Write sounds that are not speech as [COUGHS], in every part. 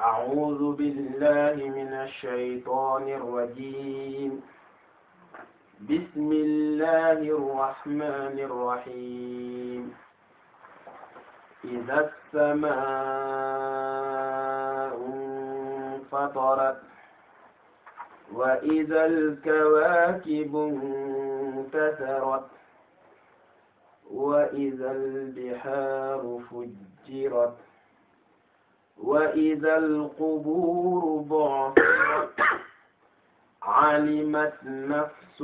أعوذ بالله من الشيطان الرجيم بسم الله الرحمن الرحيم إذا السماء انفطرت وإذا الكواكب انتثرت وإذا البحار فجرت وإذا القبور بعثرت علمت نفس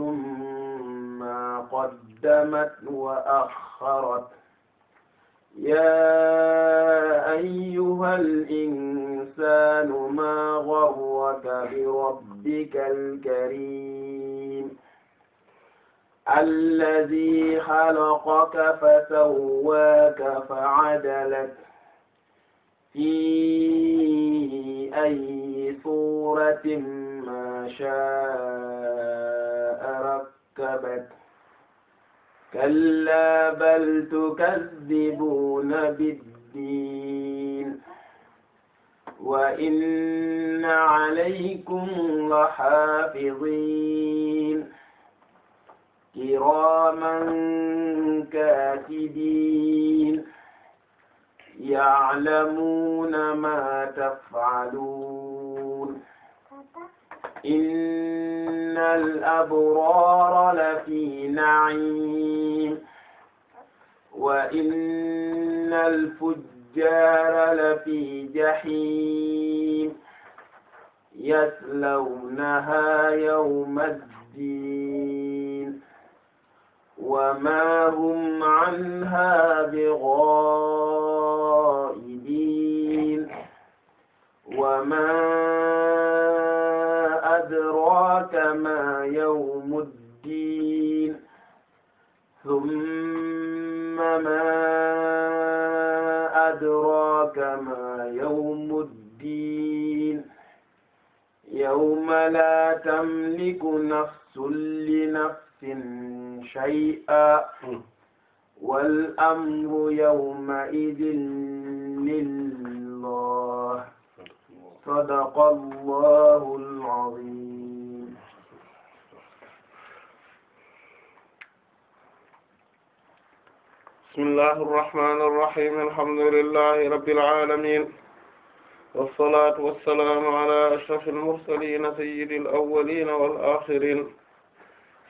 ما قدمت وأخرت يا أيها الإنسان ما غرك بربك الكريم الذي خلقك فسواك فعدلك في أي صورة ما شاء ركبك كلا بل تكذبون بالدين وإن عليكم لحافظين كراما كاتبين ya'lamuuna maa taf'aluun innal abraara lafii na'iim wa innal fujjaara lafii jahiim yaslawnahaa yawmad diin wa maa hum 'anhaa bighaa'ibiin الغائبين وما أدراك ما يوم الدين ثم ما أدراك ما يوم الدين يوم لا تملك نفس لنفس شيئا والأمر يومئذ lillah sadaqallahul azim bismillahir rahmanir rahim alhamdulillahi rabbil alamin wassalatu wassalamu ala ashrafil mursalin sayyidil awwalin wal akhirin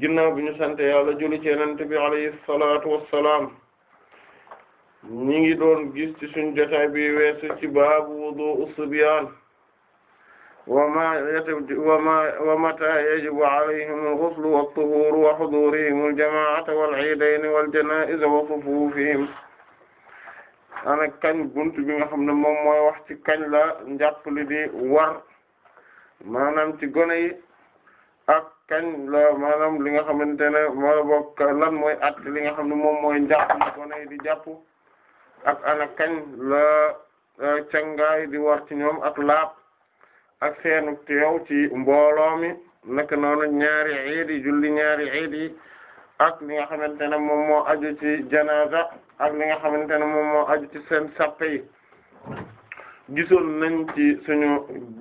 ginnaaw bi ñu sant yàlla julli ci yonent bi alayhi salaatu wassalaam ñi ngi doon gis ci suñu jotaay bi weesu ci baabu wudu'u sibyaan wa ma wa ma wa mata yajibu alayhim al-ghuslu wat-tuhuru wa hudurihim al-jamaa'atu wal-'iidayni wal-janaa'iza wa sufufihim ana kañ bunt bi nga xam ne moom mooy wax ci kañ la njàpp li di war maanaam ci gone yi ak kañ la maanaam li nga xamante ne lan mooy at li nga xam ne moom mooy njàpp gone yi di jàpp ak ana kañ la e, cangaay di war ci ñoom ak laab ak seenu teew ci mbooloo mi naka noonu ñaari iid yi julli ñaari iid yi ak li nga xamante ne moom moo aju ci janaza ak li nga xamante ne moom moo aju ci seen sappe gisoon nañ ci suñu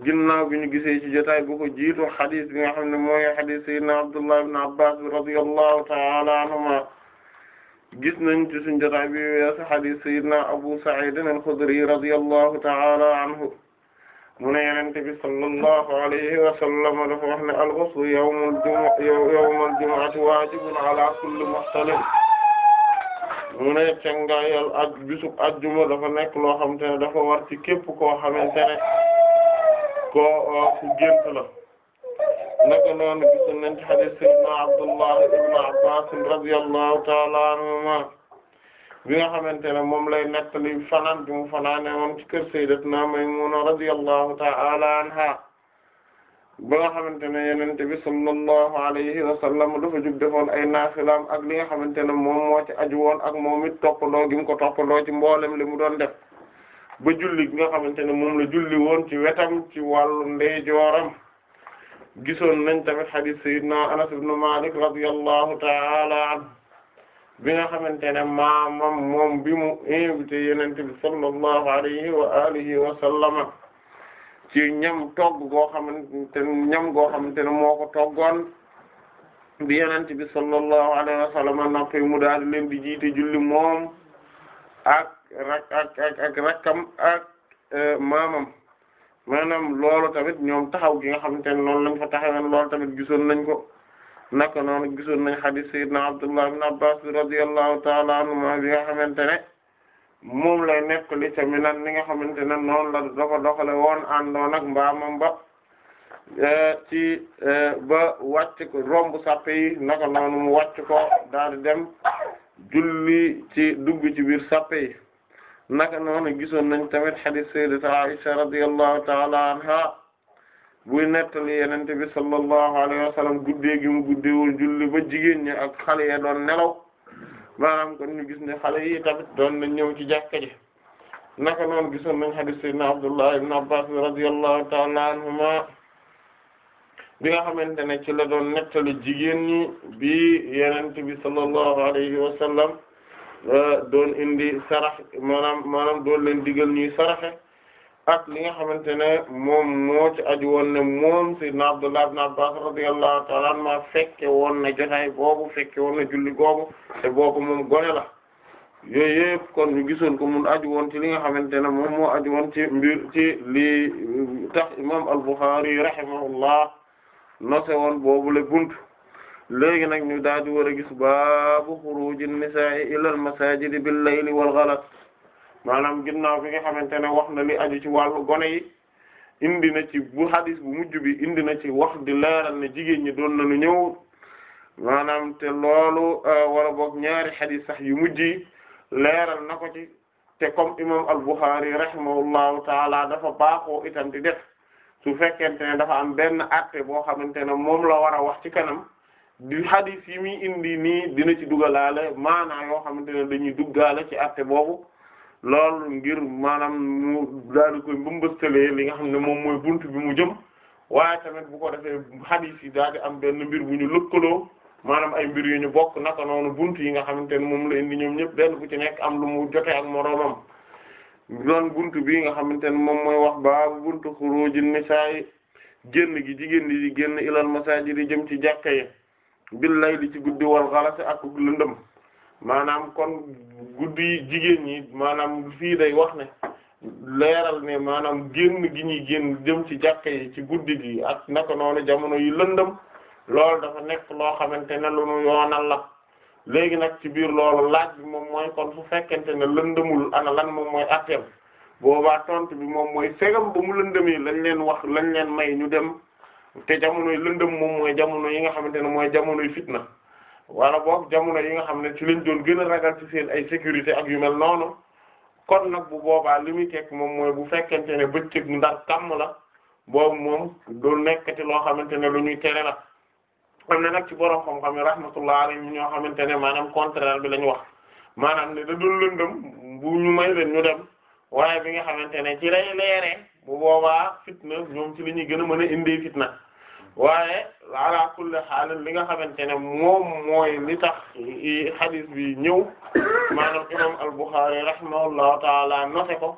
ginnaaw bi ñu gisee ci jotaay bu ko jiitu xadis bi nga xam ne mooy xadis sayyidina Abdullah ibn Abbas radiyallahu ta'ala anhuma gis nañ ci suñu jotaay bi weesu xadis sayyidina Abu Sa'id al-Khudri radiyallahu ta'ala anhu mu ne Yonent bi sallallahu alayhi wa sallam dafa wax ne al-ghuslu yawmul jumu'ati yawmul jumu'ati waajibun ala kulli muhtalim mu ne cangaayal ak dafa nekk loo xamante ne dafa war ci képp koo xamante ne koo euh, ku la naka noonu gisoon nañ ci hadith sayyidina Abdullah ibn Abbas radiyallahu ta'ala anhuma bi nga xamante ne moom lay nettali fanaan bi mu fanaane ci kër sayyidatna Maymuna radiyallahu ta'ala anha ba nga xamante ne yenente bi sallallahu alayhi wa sallam dafa jug defoon ay naafilaam ak li nga xamante ne moom moo ci aju woon ak moom it toppandoo gi mu ko toppandoo ci mboolem le mu doon def ba julli gi nga xamante ne moom la julli woon ci wetam ci wàllu ndeyjooram gisoon nañ tamit hadith sayyidina Anas ibn Malik radiyallahu ta'ala anhu bi nga xamante ne maamam moom bi mu invité yenente bi sallallahu alayhi wa alihi wa ci ñam togg goo xamante ñam goo xamante ne moo ko toggoon bi yonent bi sallallahu alayhi wa sallam mu daal leen di jiite julli moom ak rak ak ak ak rakkam ak euh, maamam maanaam loolu tamit ñoom taxaw gi nga xamante ne noonu lañ fa taxaween loolu tamit gisoon nañ ko naka noonu gisoon nañ hadith sayyidina Abdullah ibn Abbas radiyallahu ta'ala anhuma bi nga xamante ne moom lay nekk li ca Minan ni nga xamante ne noonu la dafa doxale woon àndoon ak mbaamam ba e, ci e, ba wàcc ko romb sàppe yi naka noonu mu wàcc ko daal di dem julli ci dugg ci biir sàppe yi naka noonu gisoon nañ tamit hadith sayyidat Aisha radiyallahu ta'ala anha buy nettali yenente bi sallallahu alayhi wa sallam guddee gi mu julli ba jigéen ñi ak xale ya nelaw maanaam kon ñu gis ne xale yi tamit doon nañ ñëw ci jàkka ji naka noonu gisoon nañ hadith sayyidina Abdullah ibn Abbas radiyallahu ta'ala anhuma bi nga xamante ne ci la doon nettali jigéen ñi bi yenente bi sallallahu alayhi wa doon indi sarax maanaam doon leen digal ñuy saraxe ak li nga xamante ne moom moo aju woon ne moom sayyidna Abdullah ibn Abbas radiyallahu ta'ala anhuma fekke woon na jotaay boobu fekke woon na julli googu te boobu moom gone la kon ñu gisoon ko mun aju woon ci li nga xamante ne moom moo aju woon ci mbir ci lii tax imam al-Bukhari rahimahullah nose woon boobu le bunt léegi nag ñu daal di war a gis baabu xuruji nisaa'i ila al-masajidi bil-layli wal-ghalas maanaam ginnaaw bi nga xamante ne wax na li aju ci wàllu gone yi indi na ci bu hadis bu mujj bi indi na ci wax di leeral na jigéen ñi doon nañu ñëw maanaam te loolu euh, wala boog ñaari hadis sax yu mujj yi leeral na ko ci te comme imam al-Bukhari rahimahullahu taala dafa baaxoo itam di def su fekkente ne dafa am benn atte boo xamante ne moom la war a wax ci kanam di hadis yi mi indi nii dina ci dugalaale maanaa yoo xamante ne dañuy duggaale ci atte boobu loolu ngir maanaam mu daal di koy mbëmbëstalee li nga xam ne moom mooy buntu bi mu jëm waaye tamit bu ko defee hadith yi daal di am benn mbir bu ñu lëkkaloo maanaam ay mbir yu ñu bokk naka noonu buntu yi nga xamante ne moom la indi ñoom ñëpp benn bu ci nekk am lu mu jotee ak moroomam doon bunt bi nga xamante ne moom mooy wax baabu buntu xuruuji nisaa'i génn gi jigéen di génn ilal masaajid di jëm ci jàkka yi bil layli ci guddi wal ghalas ak lëndëm maanaam kon guddi jigéen ñi maanaam fii day wax ne leeral ne maanaam génn gi ñuy génn jëm ci jàkka yi ci guddi gi ak naka noonu jamono yu lëndëm loolu dafa nekk loo xamante ne lu nu la léegi nag ci biir loolu laaj bi moom mooy ne lëndëmul ana lan moom mooy atteem boobaa tont bi moom mooy segam ba mu lëndëmee lañ leen wax lañ leen may ñu dem te jamonoy lëndëm moom mooy jamono yi nga xamante ne mooy jamonoy fitna. wala boog jamono yi nga xam ne ci lañ doon gën a ragal ci seen ay sécurité ak yu mel noonu kon nag bu boobaa li muy tekk moom mooy bu fekkente ne bëccëg ndar kàmm la boobu moom doo nekkati loo xamante ne lu ñuy tere la am na nag ci borom xam-xam yi rahmatullah ñoo xamante ne maanaam contraire bi la ñu wax maanaam ne da doon lëndëm bu ñu may leen ñu dem waaye bi nga xamante ne ci lay leeree bu boobaa fitna ñoom ci li ñuy gën a mën a indee fitna. waaye ala kulli xaal li nga xamante ne moom mooy li tax xadis bi ñëw maanaam imam al-Bukhari rahimahullahu taala noté ko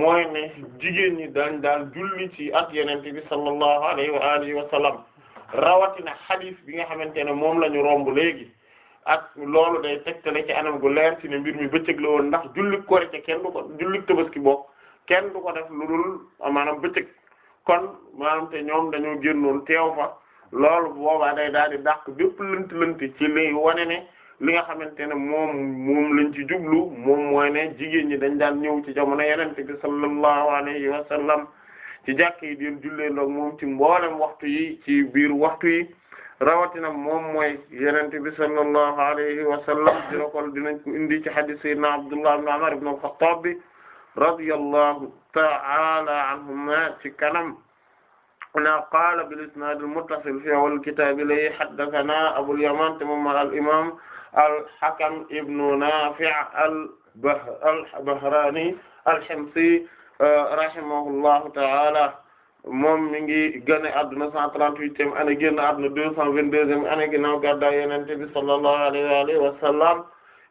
mooy ne jigéen ñi dañ daal julli ci ak yenente bi sallallahu alayhi wa alihi rawatina xadis bi nga xamante ne moom lañu romb léegi ak loolu day tegtale ci anam gu leer ne mbir mi la woon ndax julli korite kenn du kenn du ko def lu dul maanaam bëccëg kon maanaam te ñoom dañoo génnoon teew fa loolu boobaa day daal di dàq bépp lënt ci li wane ne li nga xamante ne moom moom ci jublu moom mooy ne jigéen ñi dañ daan ñëw ci jamono yenente bi sallallahu alayhi wa sallam ci jàkk yi deen jullee ndoog moom ci mboolem waxtu yi ci biir waxtu yi rawatina moom mooy yenente bi sallallahu alayhi wa sallam dina ko dinañ ko indi ci hadith sayyidina Abdullah ibn Umar ibn al-Khattab bi radiyallahu ta'ala anhuma ci kanam na qaala bil isnaad al muttasil fi awwal kitaab li haddathana Abul Yaman moom al imaam al Hakam ibn Naafi' al Bahraani al Himsi rahimahullahu ta'ala moom mi ngi génn àdduna 138e année génn àdduna 222e année ginnaaw gàddaay Yonent bi sallallahu alayhi wa sallam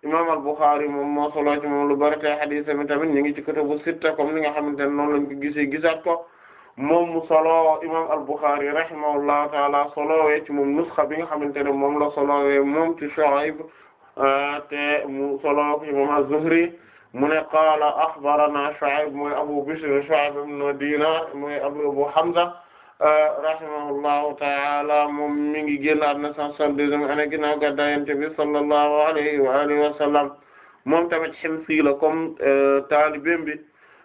imam al-Bukhari moom moo solo ci moom lu bari te hadith mi tamit ñu ngi ci kutubu sitta comme ni nga xamante ne noonu lañ ko gisee gisaat ko moom mu solo imam al-Bukhari rahimahullahu taala solowee ci moom nusxa bi nga xamante ne moom la solowee moom ci Shu'ayb ah, te mu solo ci moom az-Zuhri mu ne qaala axbarana Shu'ayb mooy Abu Bishr Shu'ayb ibn Dinar mooy Abu Hamza rahimahullahu ta'ala moom mi ngi génn àdduna 162 ana ginnaaw gàddaay Yonent bi sallallahu alayhi wa alihi wa sallam moom tamit Himsi la comme euh, taalibeem bi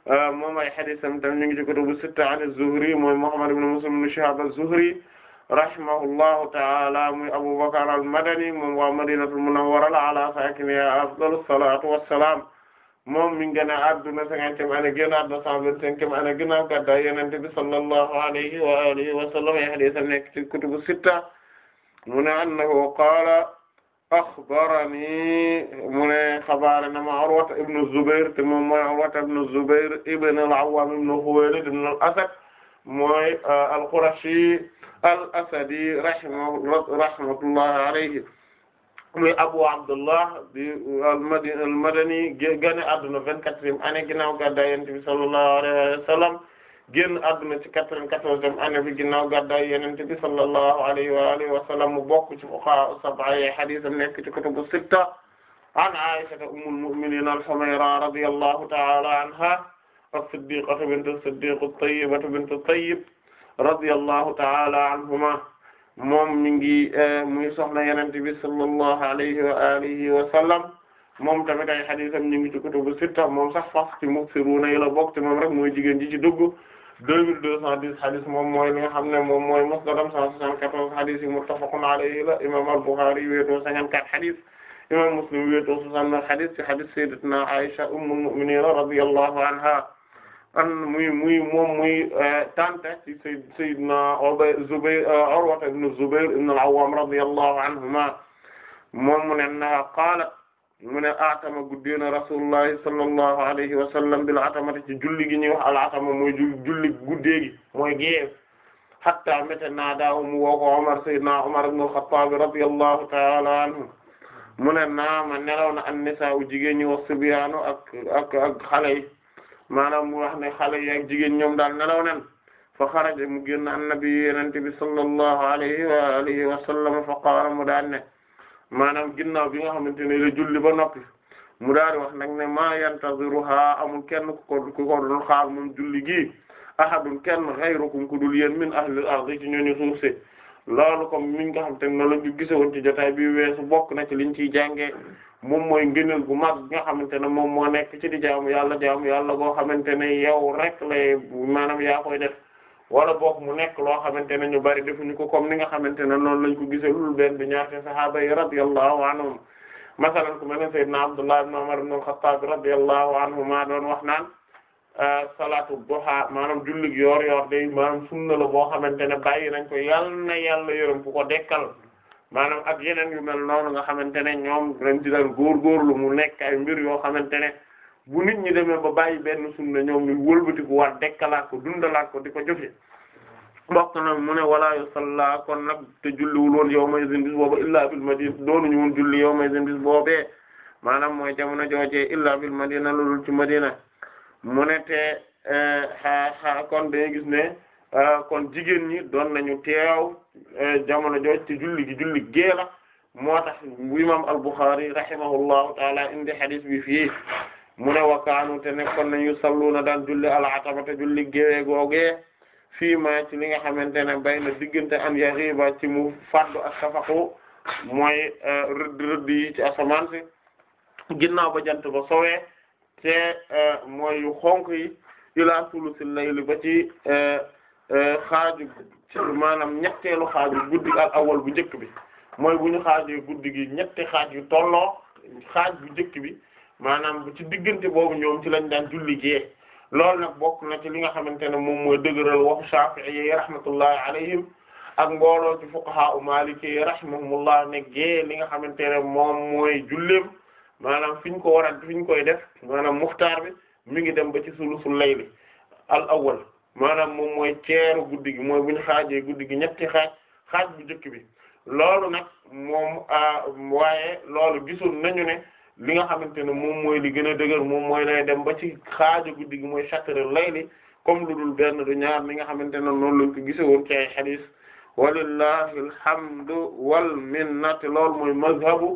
euh, moom ay hadiisam tam ñu ngi ci kutubu sitta an Zuhri mooy Muhammad ibn Muslim ibn Shihab az-Zuhri rahimahullahu ta'ala muy Abu Bakr al-Madani moom waa Madinatul Munawwara ala saakinihaa afdalu salaatu wassalaam moom mi ngi génn àdduna cinquantième année génn àdduna cent vingt-cinquième année ginnaaw gàddaay Yonent bi sallallahu alayhi wa alihi wa sallam ay hadiis nekk ci kutubu sitta mu ne annahu qaala axbarani mu ne xabaare na ma Urwata ibn Zubair te moom mooy Urwata ibn Zubair ibn al-Awwam ibn Khuwaylid ibn al-Asad mooy al-Qurashi al-Asadi rahimahullah rahmatullahi alayhi muy Abu Abdullah di uh, al-Madani génn àdduna vingt-quatrième année ginnaaw gàddaay Yonent bi sallallahu alayhi wa sallam génn àdduna ci quatre-vingt-quatorzième année bi ginnaaw gàddaay Yonent bi sallallahu alayhi wa alihi wa sallam mu bokk ci fuqaha sab'a yi hadiisam nekk ci kutubu sitta an Aisha ummul mu'minin al-Humayra radiyallahu ta'ala anha as-Siddiqatu bintu as-Siddiq at-Tayyibatu bintu at-Tayyib radiyallahu ta'ala anhuma moom mi ngi eh, muy soxna yeneen bi sallallahu alayhi wa alihi wa sallam moom tamit ay xadiisam ñu ngi ci kutubu sitta moom sax fas ci muksiruna yi la bokk te moom rek mooy jigéen ji ci dugg deux mille deux cent moom mooy li xam ne moom mooy musnadam cent soixante-quatorze xadis yi muttafaqun alayhi la imam al-Bukhari y wéetoo cinquante-quatre imam Muslim wéetoo soixante-neuf xadis ci xadis sayyidatuna Aisha ummul mu'minin radiyallahu anha an muy muy moom muy eh, tante ci sayd saydna obay Zubayr eh, Urwa ibn Zubayr ibn al-Awwam radiyallahu anhuma moom mu ne na qaalat mu ne atama guddeena rasulullahi sallallahu alayhi wa sallam bil atamati ci julli gi ñuy wax al atama mooy julli guddee gi mooy géew hatta mbete naadaaw mu woo ko Umar saydna Umar ibn al-Khattab radiyallahu ta'ala anhu mu ne naama nelaw na an nisaa u jigéen ñi wax subyaanu ak ak ak xale yi maanaam mu wax ne xale yi ak jigéen ñoom daal nelaw nan fa xaraja mu génn annabi yenente bi sallallahu alayhi wa alihi wa sallam fa qaala mu daan ne maanaam ginnaaw bi nga xamante ne la julli ba noppi mu daal di wax nag ne ma yantaziruha amul kenn ku ko ku ko xaar moom julli gii ahadun kenn ghayrukum ku dul yéen min ahlil ardi ci ñooñu suuf si loolu comme mi nga xamante ne noonu la ñu gisoon ci jotaay bi weesu bokk na ci liñ ciy jàngee moom mooy ngëneel gu mag nga xamante ne moom moo nekk ci di jaamu yàlla jaamu yàlla boo xamante ne yow rek lay maanaam yaa koy def wala book mu nekk loo xamante ne ñu bari defuñu ko comme ni nga xamante ne noonu lañ ko gisee lul benn bi ñaar ci sahaaba yi radiyallahu anhum masalan ku mel ne sayyidna Abdullah ibn Umar ibn al-Khattab radiyallahu anhuma doon wax naan ah, salaatu duha maanaam jullig yoor yoor day maanaam sunna la boo xamante ne bàyyi nañ ko yàlla na yàlla yërëm ku ko dekkal maanaam ak yeneen yu mel noonu nga xamante ne ñoom dañ ci daan mu nekk ay mbir yoo xamante ne bu nit ñi de demee ba bàyyi benn sunna ñoom ñu wëlbatiku waat dekkalaat ko dundalaat ko di ko jëfee mbok na mu ne walaa yu salla kon nag te julliwul woon yow may sin bis booba illaa bil madina doonuñu woon julli yow may sin bis boobee maanaam mooy jamono joojee illaa bil madina loolu ci madina mu ne te xaa eh, xaa kon dañuy gis ne eh, kon jigéen ñi doon nañu teew Eh, jamono jooj te julli julli gee la moo tax imam al-Bukhari rahimahullahu taala indi hadith bi fii mu ne wakaanu te nekkoon nañu salluna daan julli al-ataba te julli géwee googee fii ma ci li nga xamante ne bay na diggante an yaxiba ci mu faddu ak safaqu mooy eh, rëdd rëdd yi asamaan si ginnaaw ba jant ba sowee te eh, mooy yu xonk yi ilaa sulusil layli ba ci xaaju maanaam ñetteelu xaaju guddi ak awal bu njëkk bi mooy bu ñu xaajee guddi gi ñetti xaaj yu tolloo xaaj bu njëkk bi maanaam ci diggante boobu ñoom ci lañ daan julli gee loolu nag bokk na ci li nga xamante ne moom mooy dëgëral waxu Shafi'i yi rahmatullahi alayhim ak mbooloo ci fuqaha u Maliki yi rahimahumullah ne gee li nga xamante ne moom mooy julleem maanaam fi ñu ko war a ñu koy def maanaam muxtaar bi mu ngi dem ba ci sulusul layli al awal maanaam moom mooy ceeru guddi gi mooy bu ñu guddi gi ñetti xaaj xaaj bu njëkk bi loolu nag moom waaye loolu gisul nañu ne li nga xamante ne moom mooy li gën a dëgër moom mooy lay dem ba ci xaaju guddi gi mooy shatrë lay li comme lu dul benn du ñaar li nga xamante ne noonu lañ ko gise woon ci ay xadiis walillahi alhamdu wal minnati loolu mooy mazhabu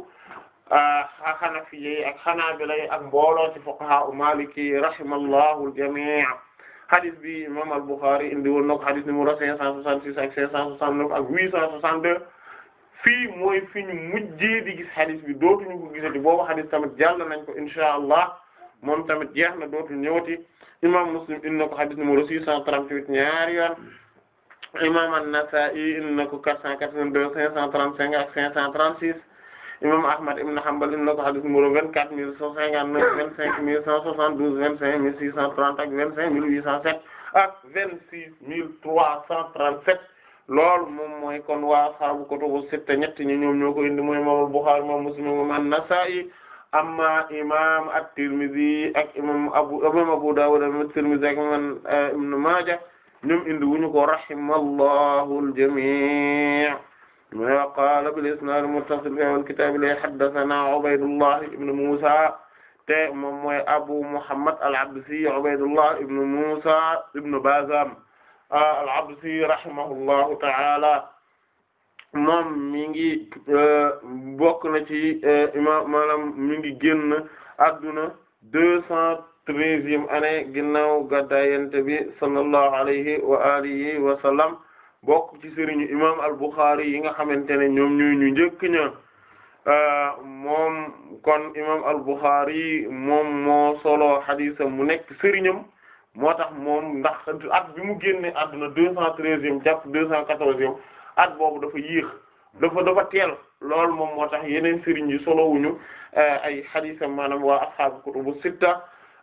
xanafi yi ak xanaabila yi ak mbooloo ci fuqaha u maliki rahimallahu al jami' xadis bi imam al-Bukhari indi woon na ko xadis numéro 566 ak 569 ak 862 fii mooy fi ñu mujjee di gis xadis bi dootuñu ko gisati boobu xadis tamit jàll nañ ko insha allah moom tamit jeex na dootuñu ñëwati imam Muslim indi na ko xadis numéro 638 ñaari yoon imam an-Nasa'i indi na ko 482 535 ak 536 imam Ahmad ibn Hanbal indi na ko hadith numéro vingt quatre mille cent cinquante neuf vingt cinq mille cent soixante douze vingt cinq mille six cent trente vingt cinq mille huit cent sept ak vingt six mille trois cent trente sept loolu moom mooy kon waa saabu kutubu sitta ñetti ñi ñoom ñoo ko indi mooy imam al-Bukhari imam Muslim imam an-Nasa'i amma imam at-Tirmidhi ak imam Abu imam Abu Dawud imam at-Tirmidhi ak imam eh, Ibn Maaja ñoom indi wuñu ko rahimallahu al-jami' mu ne wa qaala bil isnaad muttasil fi awwal kitaab li haddathanaa Ubaydullah ibn Muusaa te moom mooy Abu Muhammad al-Absi Ubaydullah ibn Muusaa ibn Bazaam al-Absi rahimahullahu ta'aala moom mi ngi e, bokk na ci e, imaam maanaam mi ngi génn adduna deux cent treizième année ginnaaw gàddaay Yonent bi sallallahu alayhi wa alihi wa sallam bokk ci sëriñu imam al-Bukhari yi nga xamante ne ñoom ñuy ñu njëkk ña euh, moom kon imam al-Bukhari moom moo solo xadisam mu nekk sëriñam moo tax moom ndax at bi mu génne àdduna deux cent treizième jàpp deux cent quatorzième at boobu dafa yiix dafa dafa teel loolu moom moo tax yeneen sëriñ yi solowuñu euh, ay xadisam maanaam waa ashaabu kutubu sitta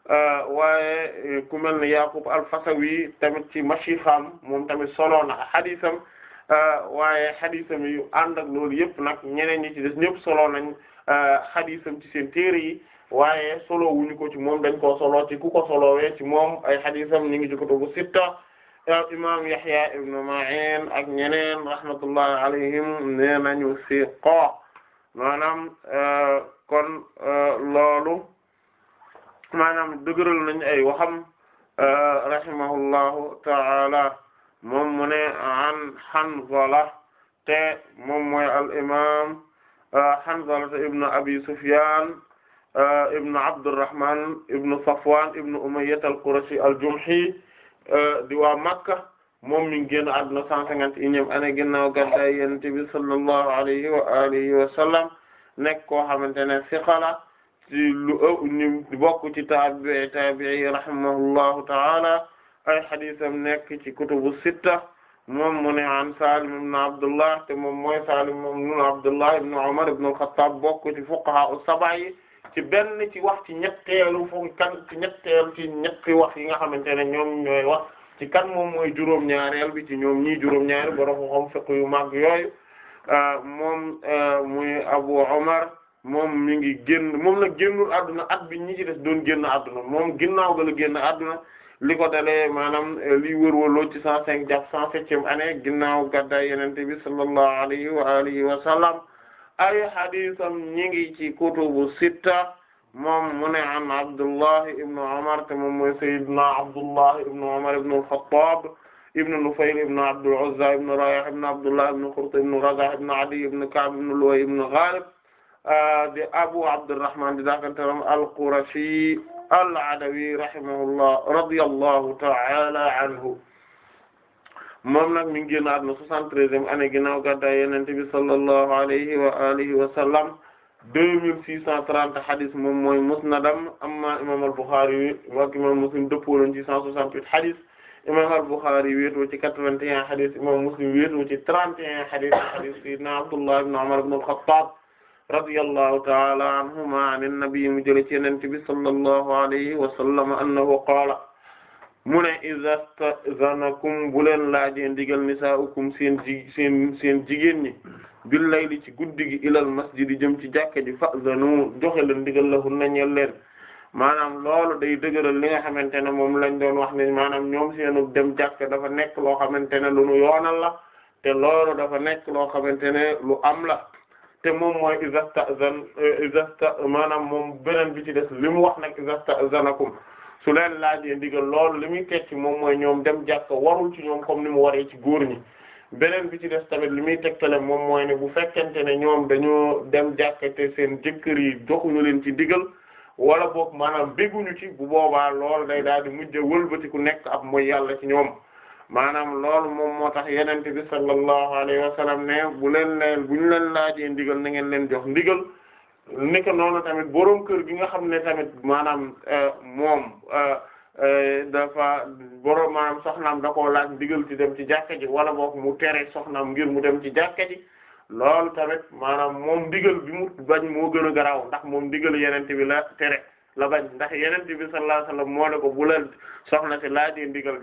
Euh, waaye eh, ku mel ne Yaqub al-Fasawi tamit ci mashixam moom tamit solo na xadisam euh, waaye xadisam yu ànd ak loolu yëpp nag ñeneen ñi ci des ñëpp solo nañ euh, xadisam ci seen téere yi waaye solo wuñu ko ci moom dañ ko solo ci ku ko solowee ci moom ay xadisam ñu ngi ci kutubu sitta imam Yahya ibn Ma'in ak ñeneen rahmatullahi alayhim nee si siqa maanaam kon loolu maanaam dëgëral nañ ay waxam euh, rahimahullahu ta'ala moom mu ne an Hanzala te moom mooy al imam euh, Hanzala ibn Abi Sufyan euh, ibn Abdurrahman ibn Safwan ibn Umayyah al-Qurashi al-Jumahi di waa Makka moom mi ngi génn àdduna cent cinquante et unième année ginnaaw gàddaay Yonent bi sallallahu alayhi wa alihi wa sallam nekk koo xamante ne siqa la ci lu ëpp ñu bokk ci taabi taabii rahimahullahu taala ay xadisam nekk ci kutubu sitta moom mu ne an Salim ibn Abdullah te moom mooy Salim ibn Abdullah ibn Umar ibn al-Khattab bokk ci fuqaha as-sab'a yi ci benn ci wax ci ñetteelu fu kan ci ñetteelu ci ñetti wax yi nga xamante ne ñoom ñooy wax ci kan moom mooy juróom-ñaareel bi ci ñoom ñii juróom-ñaareel borom xam fiqh yu mag yooyu moom muy Abu Umar moom mi ngi génn moom nag génnul adduna at bi ñi ci des doon génn adduna moom ginnaaw ga la génn adduna li ko dalee maanaam eh, liy wërwaloo ci cent cinq jàpp cent septième année ginnaaw gaddaay yenente bi sallallahu alayhi wa alihi wa sallam ay hadisam ñi ngi ci kutubu sitta moom mu ne an Abdullahi ibnu Umar te moom mooy Sayyidina Abdullahi ibnu Umar ibnu al-Khattab ibnu Nufayl ibnu Abdul Uzza ibnu Rayah ibnu Abdullah ibnu Qurt ibnu Razah ibnu Adi ibnu Ka'b ibnu Luway ibnu Ghalib di Abu Abdurrahman di daakantaram al-Qurashi al-Adawi rahimahullah radiyallahu ta'ala anhu moom nag mi ngi génn àdduna 73e année ginnaaw gàddaay Yonent bi sallallahu alayhi wa alihi wa sallam 2630 hadis moom mooy musnadam amma imam al-Bukhari wa imam Muslim dëppoo nañu ci 168 hadis imam al-Bukhari wéetoo ci 81 hadis imam Muslim wéetoo ci 31 hadis hadis Sayyidina Abdullah ibn Umar ibn al-Khattab radiyallahu ta'ala anhuma an nabi mu jële ci yonent bi sallallahu alayhi wa sallam annahu qaala mu ne iza sta'zanakum bu leen laajee ndigal nisaa'ukum seen ji seen seen jigéen ñi bil layli ci guddi gi ilal masjid jëm ci jàkka ji fa'zanu joxe leen ndigal la hun nañel leen maanaam loolu day dëgëral li nga xamante ne moom lañ doon wax ne maanaam ñoom seenu dem jàkka dafa nekk loo xamante ne lu nu yoonal la te loolu dafa nekk loo xamante ne lu am la te moom mooy izasta'zan euh, izasta maanaam moom beneen bi ci des li mu wax nag izasta'zanakum su leen laajee ndigal lool li muy ci moom mooy ñoom dem jàkka warul ci ñoom comme ni mu waree ci góor ñi beneen bi ci des tamit li muy tegtale moom mooy ne bu fekkente ne ñoom dañoo dem jàkka te seen jëkkër yi joxuñu leen ci ndigal wala boog maanaam bégguñu ci bu boobaa lool day daal di mujj wëlbati ku nekk ab mooy yàlla ci ñoom maanaam loolu moom moo tax yenente bi sallallahu alayhi wa sallam ne bu leen leen bu ñu leen laajee ndigal na ngeen leen jox ndigal nekk noonu tamit boroom kër gi nga xam ne tamit maanaam euh, moom euh, euh, dafa boroom maanaam soxnaam da koo laaj ndigal ci dem ci jàkka ji wala boog mu tere soxnaam ngir mu dem ci jàkka ji loolu tamit maanaam moom ndigal bi mu bañ moo gën a garaaw ndax moom ndigal yenente bi la tere la bañ ndax yeneen bi sallallahu alayhi wa sallam moo ne ko bu leen soxna si laajee ndigal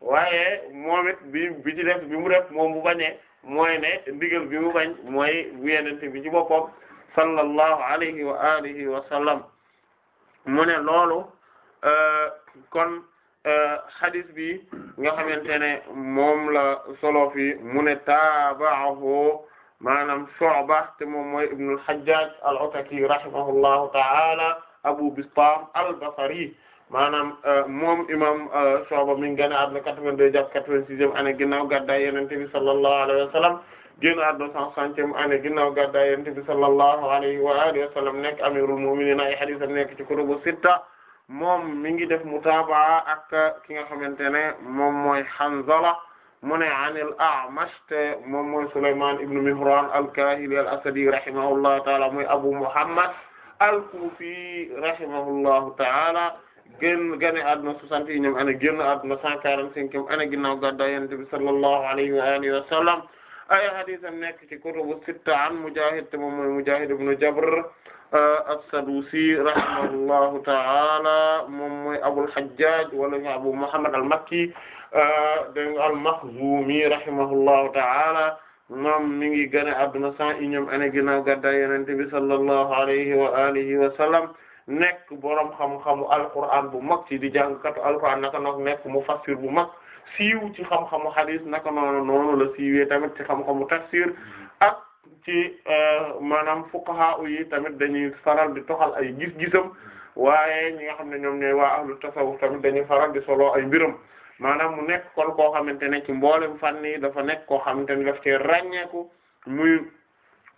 waaye moom bi bi ci def mu def moom mu bañee mooy ne bi mu bañ mooy bu yenente bi ci boppam sallallahu alayhi wa alihi wa sallam mu ne loolu euh, kon euh, hadith bi nga xamante ne moom la solo fi mu ne taabaahu maanaam Shu'ba te moom mooy ibnul Hajjaj al-Ataki rahimahullahu ta'ala Abu Bistam al-Basri maanaam euh, moom imam euh, Shu'ba mi ngi génn àdduna 82 jàpp 86e année ginnaaw gàddaay Yonent bi sallallahu alayhi wa sallam génn àdduna 160e année ginnaaw gàddaay Yonent bi sallallahu alayhi wa alihi wa sallam nekk amirul mu'minin ay hadiisam nekk ci kutubu sitta moom mi ngi def mutaabaa ak ki nga xamante ne moom mooy Hanzala mu ne anil A'mash te moom mooy Sulaymaan ibn Mihraan al-Kaahili al-Asadi rahimahullahu ta'ala mooy Abu Muhammad al-Kufi rahimahullahu ta'ala génn gane àdduna soixante et unième année génn àdduna cent quarante-cinquième année ginnaaw gàddaay Yonent bi sallallahu alayhi wa alihi wa sallam ay hadiisam nekk ci kutubu sitta an Mujaahid te moom mooy Mujaahid ibn Jabr euh, as-Sadusi rahimahullahu ta'ala moom mooy Abul Hajjaj wala ñu Abu Muhammad al-Makki euh, dégg nga al-Makhzumi rahimahullahu ta'ala moom mi ngi gane àdduna cent et unième année ginnaaw gàddaay Yonent bi sallallahu alayhi wa alihi wa sallam nekk boroom xam-xamu alquran bu mag ci di jàngkatu alquran naka noonu nekk mu fassir bu mag siiw ci xam-xamu hadith naka noonu noonu la siiwee tamit ci xam-xamu tafsir ak ci euh, maanaam fuqaha yi tamit dañuy faral di toxal ay gis-gisam waaye ñi nga xam ne ñoom ñooy waa ahlu tasawuf tamit dañuy faral di solo ay mbiram maanaam mu nekk kon koo xamante ne ci mboolem fànn nii dafa nekk koo xam ne daf cee ràññeeku muy.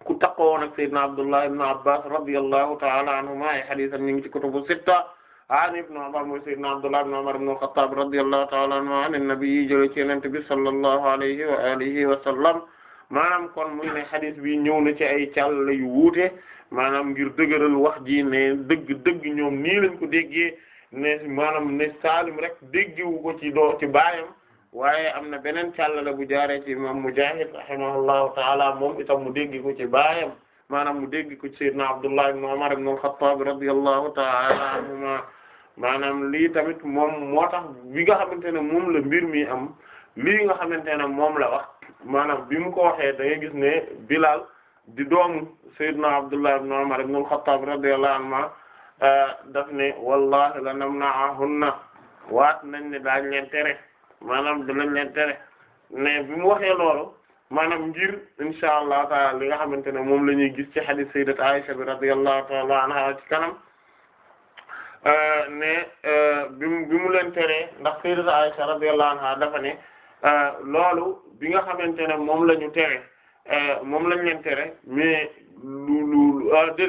ku taqoon ak sayyidina Abdullah ibn Abbas radiyallahu ta'ala anhuma ay hadiisam ñu ngi ci kutubu sitta an ibn Umar mooy sayyidina Abdullah ibn Umar ibn al-Khattab ta'ala anhuma an an-nabi jële ci bi sallallahu alayhi wa alihi wa sallam maanaam kon muy ne xadis bi ñëw na ci ay càll yu wuute maanaam ngir dëgëral wax ji ne dëgg dëgg ñoom nii lañ ko ne maanaam Saalim rek déggewu ko ci ci baayam waaye am na beneen càllale bu jaaree ci imam Mujahid rahimahullahu taala moom itam mu dégg ko ci baayam maanaam mu dégg ko ci sayyidna Abdullah ibn Umar ibn al-Khattab radiyallahu taala anhuma maanaam lii tamit moom moo tax bi nga xamante ne moom la mbir mi am lii nga xamante ne moom la wax maanaam bi mu ko waxee da gis ne Bilal di doom sayyidna Abdullah ibn Umar ibn al-Khattab radiyallahu anhuma eh, daf ne wallahi la namna'ahunna waat nañ ne daañ leen tere maanaam dinañ leen tere mais bi mu waxee loolu maanaam ngir insha allah taala li nga xamante ne moom la ñuy gis ci hadith sayyidat Aisha bi radiyallahu taala anha ci kanam euh, ne euh, bi mu leen teree ndax sayyidat Aisha radiyallahu anha dafa ne euh, loolu bi nga xamante ne moom la ñu tere moom lañ leen tere mais lu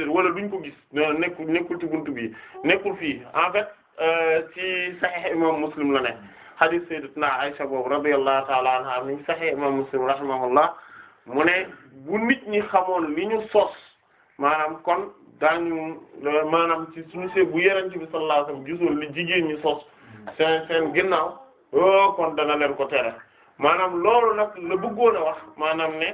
lu wala duñ ko gis nekkul nekkul ci buntu bi nekkul fii en fait ci Sahih imam Muslim la ne hadith sayyidatuna Aisha boobu radiyallahu ta'ala anha min sahih imam Muslim rahimahullah mu ne bu nit ñi xamoon li ñu sos maanaam kon daañu maanaam ci suñu see bu yonent bi sallallahu alayhi wasallam gisoon li jigéen ñi sos seen seen ginnaaw oh, kon dana leen ko tere maanaam loolu nag la bëggoon a wax maanaam ne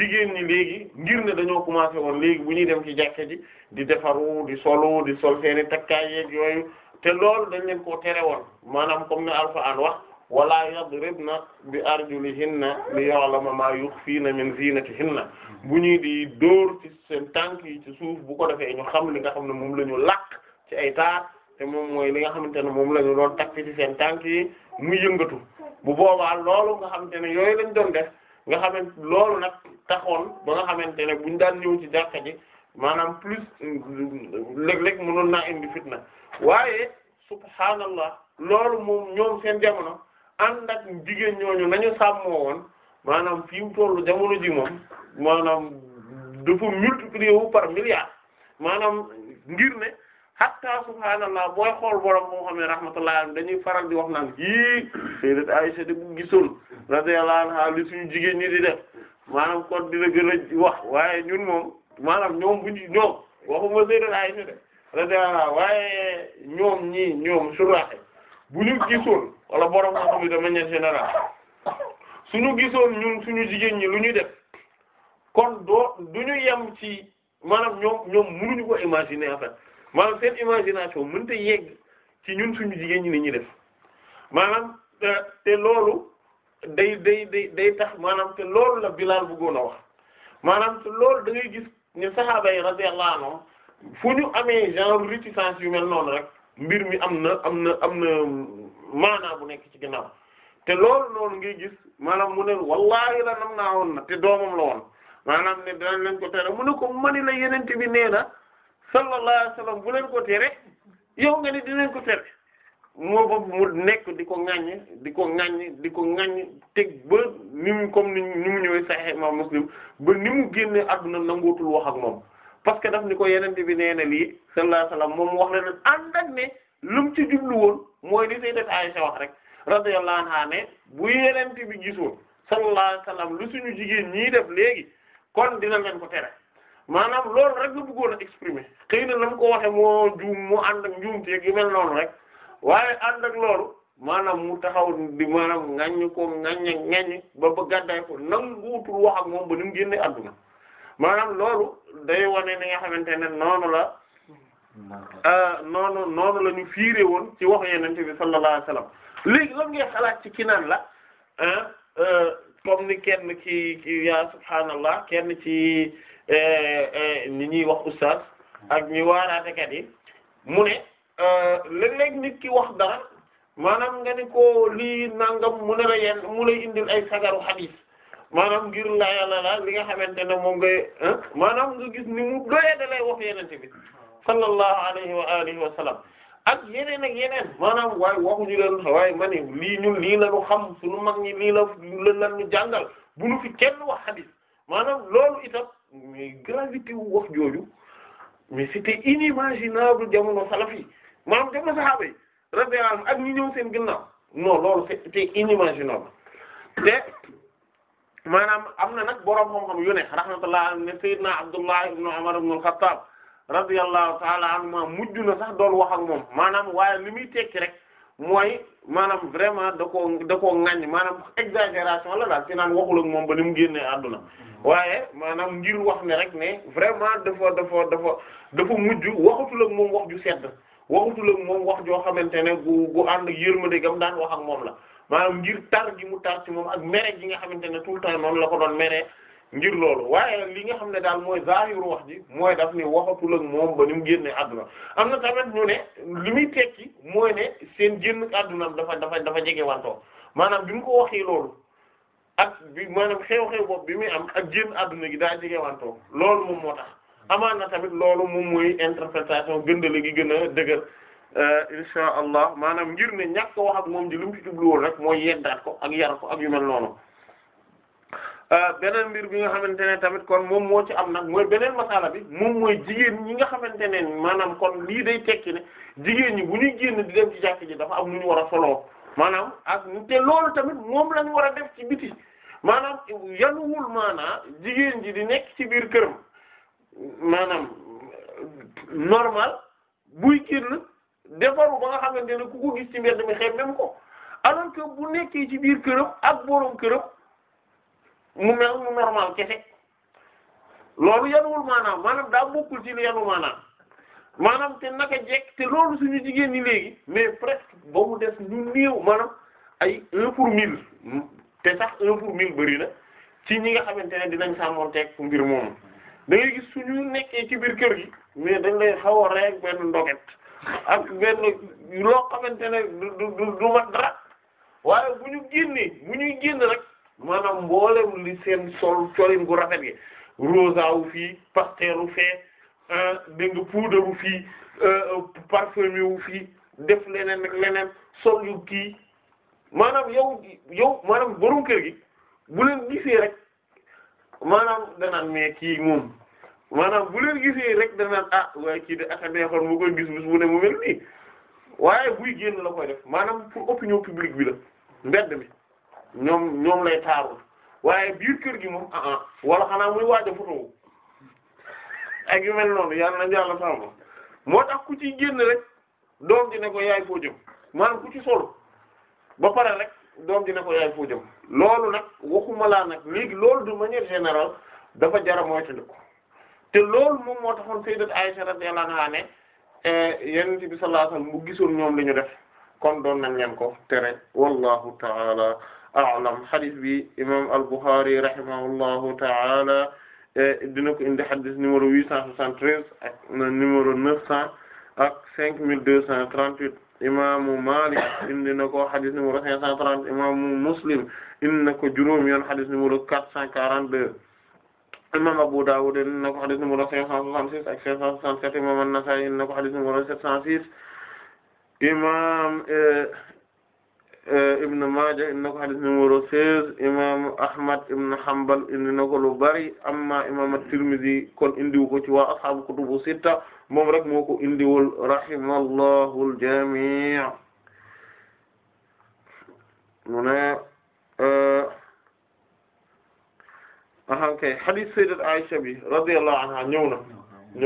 jigéen ñi léegi ngir ne dañoo commencé woon léegi bu ñuy dem ci jàkke ji di defaru di solu di sol seeni takkaay yeeg te loolu dañ leen koo tere woon maanaam comme ne alquran wax wala yadribna bi arjulihinna li ya'lama ma fii yukhfina min zinatihinna bu ñuy di dóor ci seen tànk yi ci suuf bu ko defee ñu xam li nga xam ne moom la ñu làkk ci ay taar te moom mooy li nga xamante ne moom lañu ñu doon takk seen tànk yi muy yëngatu bu boobaa loolu nga xamante ne yooyu lañ doon def nga xamante loolu nag taxoon ba nga xamante ne buñ daan ñëw ci jàkka ji maanaam plus léeg-léeg mënoon naa indi fitna waaye subhaanallah loolu moom ñoom seen jamono ànd ak jigéen ñooñu nañu sàmmoo woon maanaam fi mu tollu jamono ji moom maanaam dafa multiplier wu par milliard maanaam ngir ne hatta subhaanallah booy xool borom moo xam rahmatullah dañuy faral di wax naan yii sayyidat Aisha di bu gisoon radiyallahu anha li jigéen ñi di def maanaam kon dina gën a wax waaye ñun moom maanaam ñoom bu ñu ñoom waxuma sayyidat Aisha de radiyallahu waaye ñoom ñii ñoom suraxe bu ñu gisoon wala borom xam bi de manière générale suñu gisoon ñun suñu jigéen ñi lu ñuy def kon doo du ñu yem ci maanaam ñoom ñoom mënuñu ko imaginer en fait maanaam seen imagination mënta yegg ci ñun suñu jigéen ñi li ñuy def maanaam te loolu day day day day tax maanaam te loolu la Bilaal bëggoon a wax maanaam te loolu da ngay gis ne saxaaba yi radiyallahu anhum fu ñu amee genre réticence yu mel noonu rek mbir mi am na am na am na maanaa bu nekk ci ginnaaw te loolu noonu ngay gis maanaam mu ne wallaahi la nam naa woon na te doomam la woon maanaam ne daan leen ko tere mu ne ko mani la yenente bi nee na sallallahu alayhi bu leen ko tere yow nga ni dinañ ko tere mu nekk di ko ŋàññe di ko ŋàññe di ko ŋàññe teg ba ni mu comme ni mu ñëwee Sahih Imam Muslim ba ni mu génnee àdduna nangootul wax ak moom parce que daf ni ko yenente bi nee na lii sallallahu alayhi wasallam moom wax leen ànd ak ne lu mu ci jublu woon mooy li sayyidat Aisha wax rek radiyallahu ne bu yenente bi gisoon sallallahu lu suñu jigéen ñi def léegi kon dina leen ko tere maanaam lool rek la bëggoon a exprimer xëy na mu ko waxe moo juum mu ànd ak njuum teeg yu mel noonu rek waaye ànd loolu maanaam mu taxaw di maanaam ŋaññ ko ŋaññ ŋaññ ba ba gàddaay ko nanguutul wax ak moom ba ni mu génne maanaam loolu day wane ni nga xamante ne noonu la euh, noonu noonu la ñu fiire woon ci wax yenente bi sallallahu alayhi wasallam léegi lan ngay xalaat ci ki naan la euh, comme ni kenn ki ya subhaanallah kenn ci ni euh, ñuy wax ustaas ak ñi waaraatekat yi mu ne léeg-léeg nit ki wax dara maanaam nga ni ko lii nangam mu ne la yenn mu lay indi ay sagaru hadith maanaam ngir laayala la li nga xamante ne moom ngay maanaam nga gis ni mu doyee da lay wax yenente bi sallallahu alayhi wa ak yeneen ak yeneen maanaam waaye waxuñu leen waaye ma ni lii ñun lii la ñu xam suñu mag ñi lii la leen lan ñu jàngal bu ñu fi kenn wax xadis maanaam loolu itam mais gravité wu wax jooju mais c'était inimaginable jamono salaf maanaam jamono sahaaba yi ak ñi ñëw seen ginnaaw non loolu c'était inimaginable te maanaam am na nag boroom xam-xam yu ne rahmatullah ne Seydina Abdullah ibn Umar ibn al-Khattab radiyallahu ta'ala anhuma mujj na sax doon wax ak moom maanaam waaye li muy tekki rek mooy maanaam vraiment da koo da koo ŋaññ maanaam exagération la daal ci naan waxul moom ba ni mu génnee àdduna mm-hmm. waaye maanaam ngir wax ne rek ne vraiment dafa dafa dafa dafa mujj waxatul ak moom wax ju sedd waxatul moom wax joo xamante ne gu gu ànd ak yërmande gam daan wax ak moom la maanaam ngir tar gi mu tar ci moom ak mere gi nga xamante ne tout le temps noonu la ko doon meree ngir loolu waaye li nga xam ne daal mooy zaahiru wax ji mooy daf ni waxatul ak moom ba ni mu génne adduna am na tamit ñu ne li muy tekki mooy ne seen génn addunaam dafa dafa dafa jege wantoo maanaam bi mu ko waxee loolu ak bi maanaam xew-xew bopp bi muy am ak génn àdduna gi daal jege wantoo loolu moom moo tax amaan na tamit loolu moom mooy interprétation gëndale gi gën a dëgër Euh, insha allah maanaam ngir ne ñàkk wax ak moom ji lu mu ci jubluwoon rek mooy yeddaat ko ak yar ko ak yu mel noonu euh, beneen mbir bi nga xamante ne tamit kon moom moo ci am nag mooy beneen masala bi moom mooy jigéen ñi nga xamante ne maanaam kon lii day tekki ne jigéen ñi bu ñuy génn di dem ci jàkk ji dafa am nu ñu war a soloo maanaam ak te loolu tamit moom la war a def ci biti maanaam yanuwul maanaa jigéen ji di nekk ci biir këram maanaam normal buy génn defaru ba nga xamante ne ku ko gis ci mbedd mi xeeb même ko alors que bu nekkee ci biir këram ak boroom këram mu mel mu normal kese loolu yanuwul maanaam maanaam daa bokkul ci lu yanu maanaam maanaam te naka jekk te loolu suñu jigéen ñi léegi mais presque ba mu def ñu néew maanaam ay un pour mille te sax un pour mille bëri ci ñi nga xamante ne dinañ sàmmonteeg mbir moomu da ngay gis suñu nekkee ci biir kër gi mais dañ lay xaw a rek ak benn loo xamante ne du du mat dara waaye bu ñu génnee bu ñuy génn rek maanaam mboolem li seen sol colin gu rafet gi rosa wu fii pasteur wu fee dégg nga poudre wu fii euh, parfumé wu fii def leneen ak leneen sol yu kii maanaam yow yow maanaam kër gi bu leen gisee rek maanam danaan mais kii moom. maanaam bu leen gisee rek da naan ah waaye kii de aka neexoon mu koy gis bis mu ne mu mel nii waaye buy génn la koy def maanaam pour opinion publique bi la mbedd mi ñoom ñoom lay taaru waaye biir kër gi moom ah ah wala xanaa muy waaj a fotowu ak yu mel noonu yàlla nañu yàlla moo tax ku ci génn rek doom ji ne ko yaay foo jëm maanaam ku ci solu ba pare rek doom ji ne ko yaay foo jëm loolu nag waxuma laa nag léegi loolu du manière générale dafa jara moytandiku te loolu moom moo taxoon sayyidat Aisha radiyallahu anha ne eh, yonent bi sallallahu alayhi mu gisul ñoom li ñu def kon doon nañ leen ko tere wallahu ta'ala a'lam hadith bi imam al-Bukhari rahimahullahu ta'ala eh, dina ko indi hadith numéro 873 ak numéro 900 ak 5238 imaamu Malik indi na ko hadith numéro 530 imaamu Muslim indi ko juróom yoon hadith numéro 442 imam Abu Dawud indi na ko xadis numéro 566 imam An-Nasa'i indi na ko xadis numéro imam eh, eh, Ibn ibn Hanbal indi na amma imam at kon indiwu ko ci waa ashaabu kutubu sitta moom rek moo ko rahimallahu al-jami' ahan kay hadith sayyidat Aisha bi radiyallahu anha ñëw na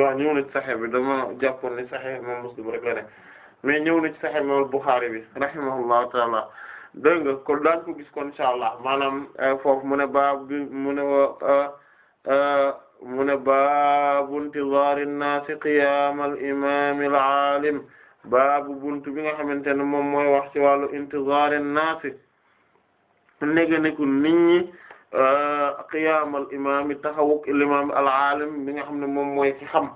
waaw ñëw na ci Sahih bi dama jàppoon ni Sahih moom Muslim rek la ne mais ñëw na ci Sahih moom Bukhari bi rahimahullahu taala dégg nga kon daañu ko gis kon insha allah maanaam euh, foofu mu ne baab bi mu ne euh, euh, mu ne baabu intizaari nnaasi qiyaamal imaamil aalim baabu buntu bi nga xamante ne moom mooy wax ci wàllu intizaari nnaasi négé nekkul nit ñi. Euh, qiyaamal imaam taxawuk imaam al-aalim bi nga xam ne moom mooy ci xam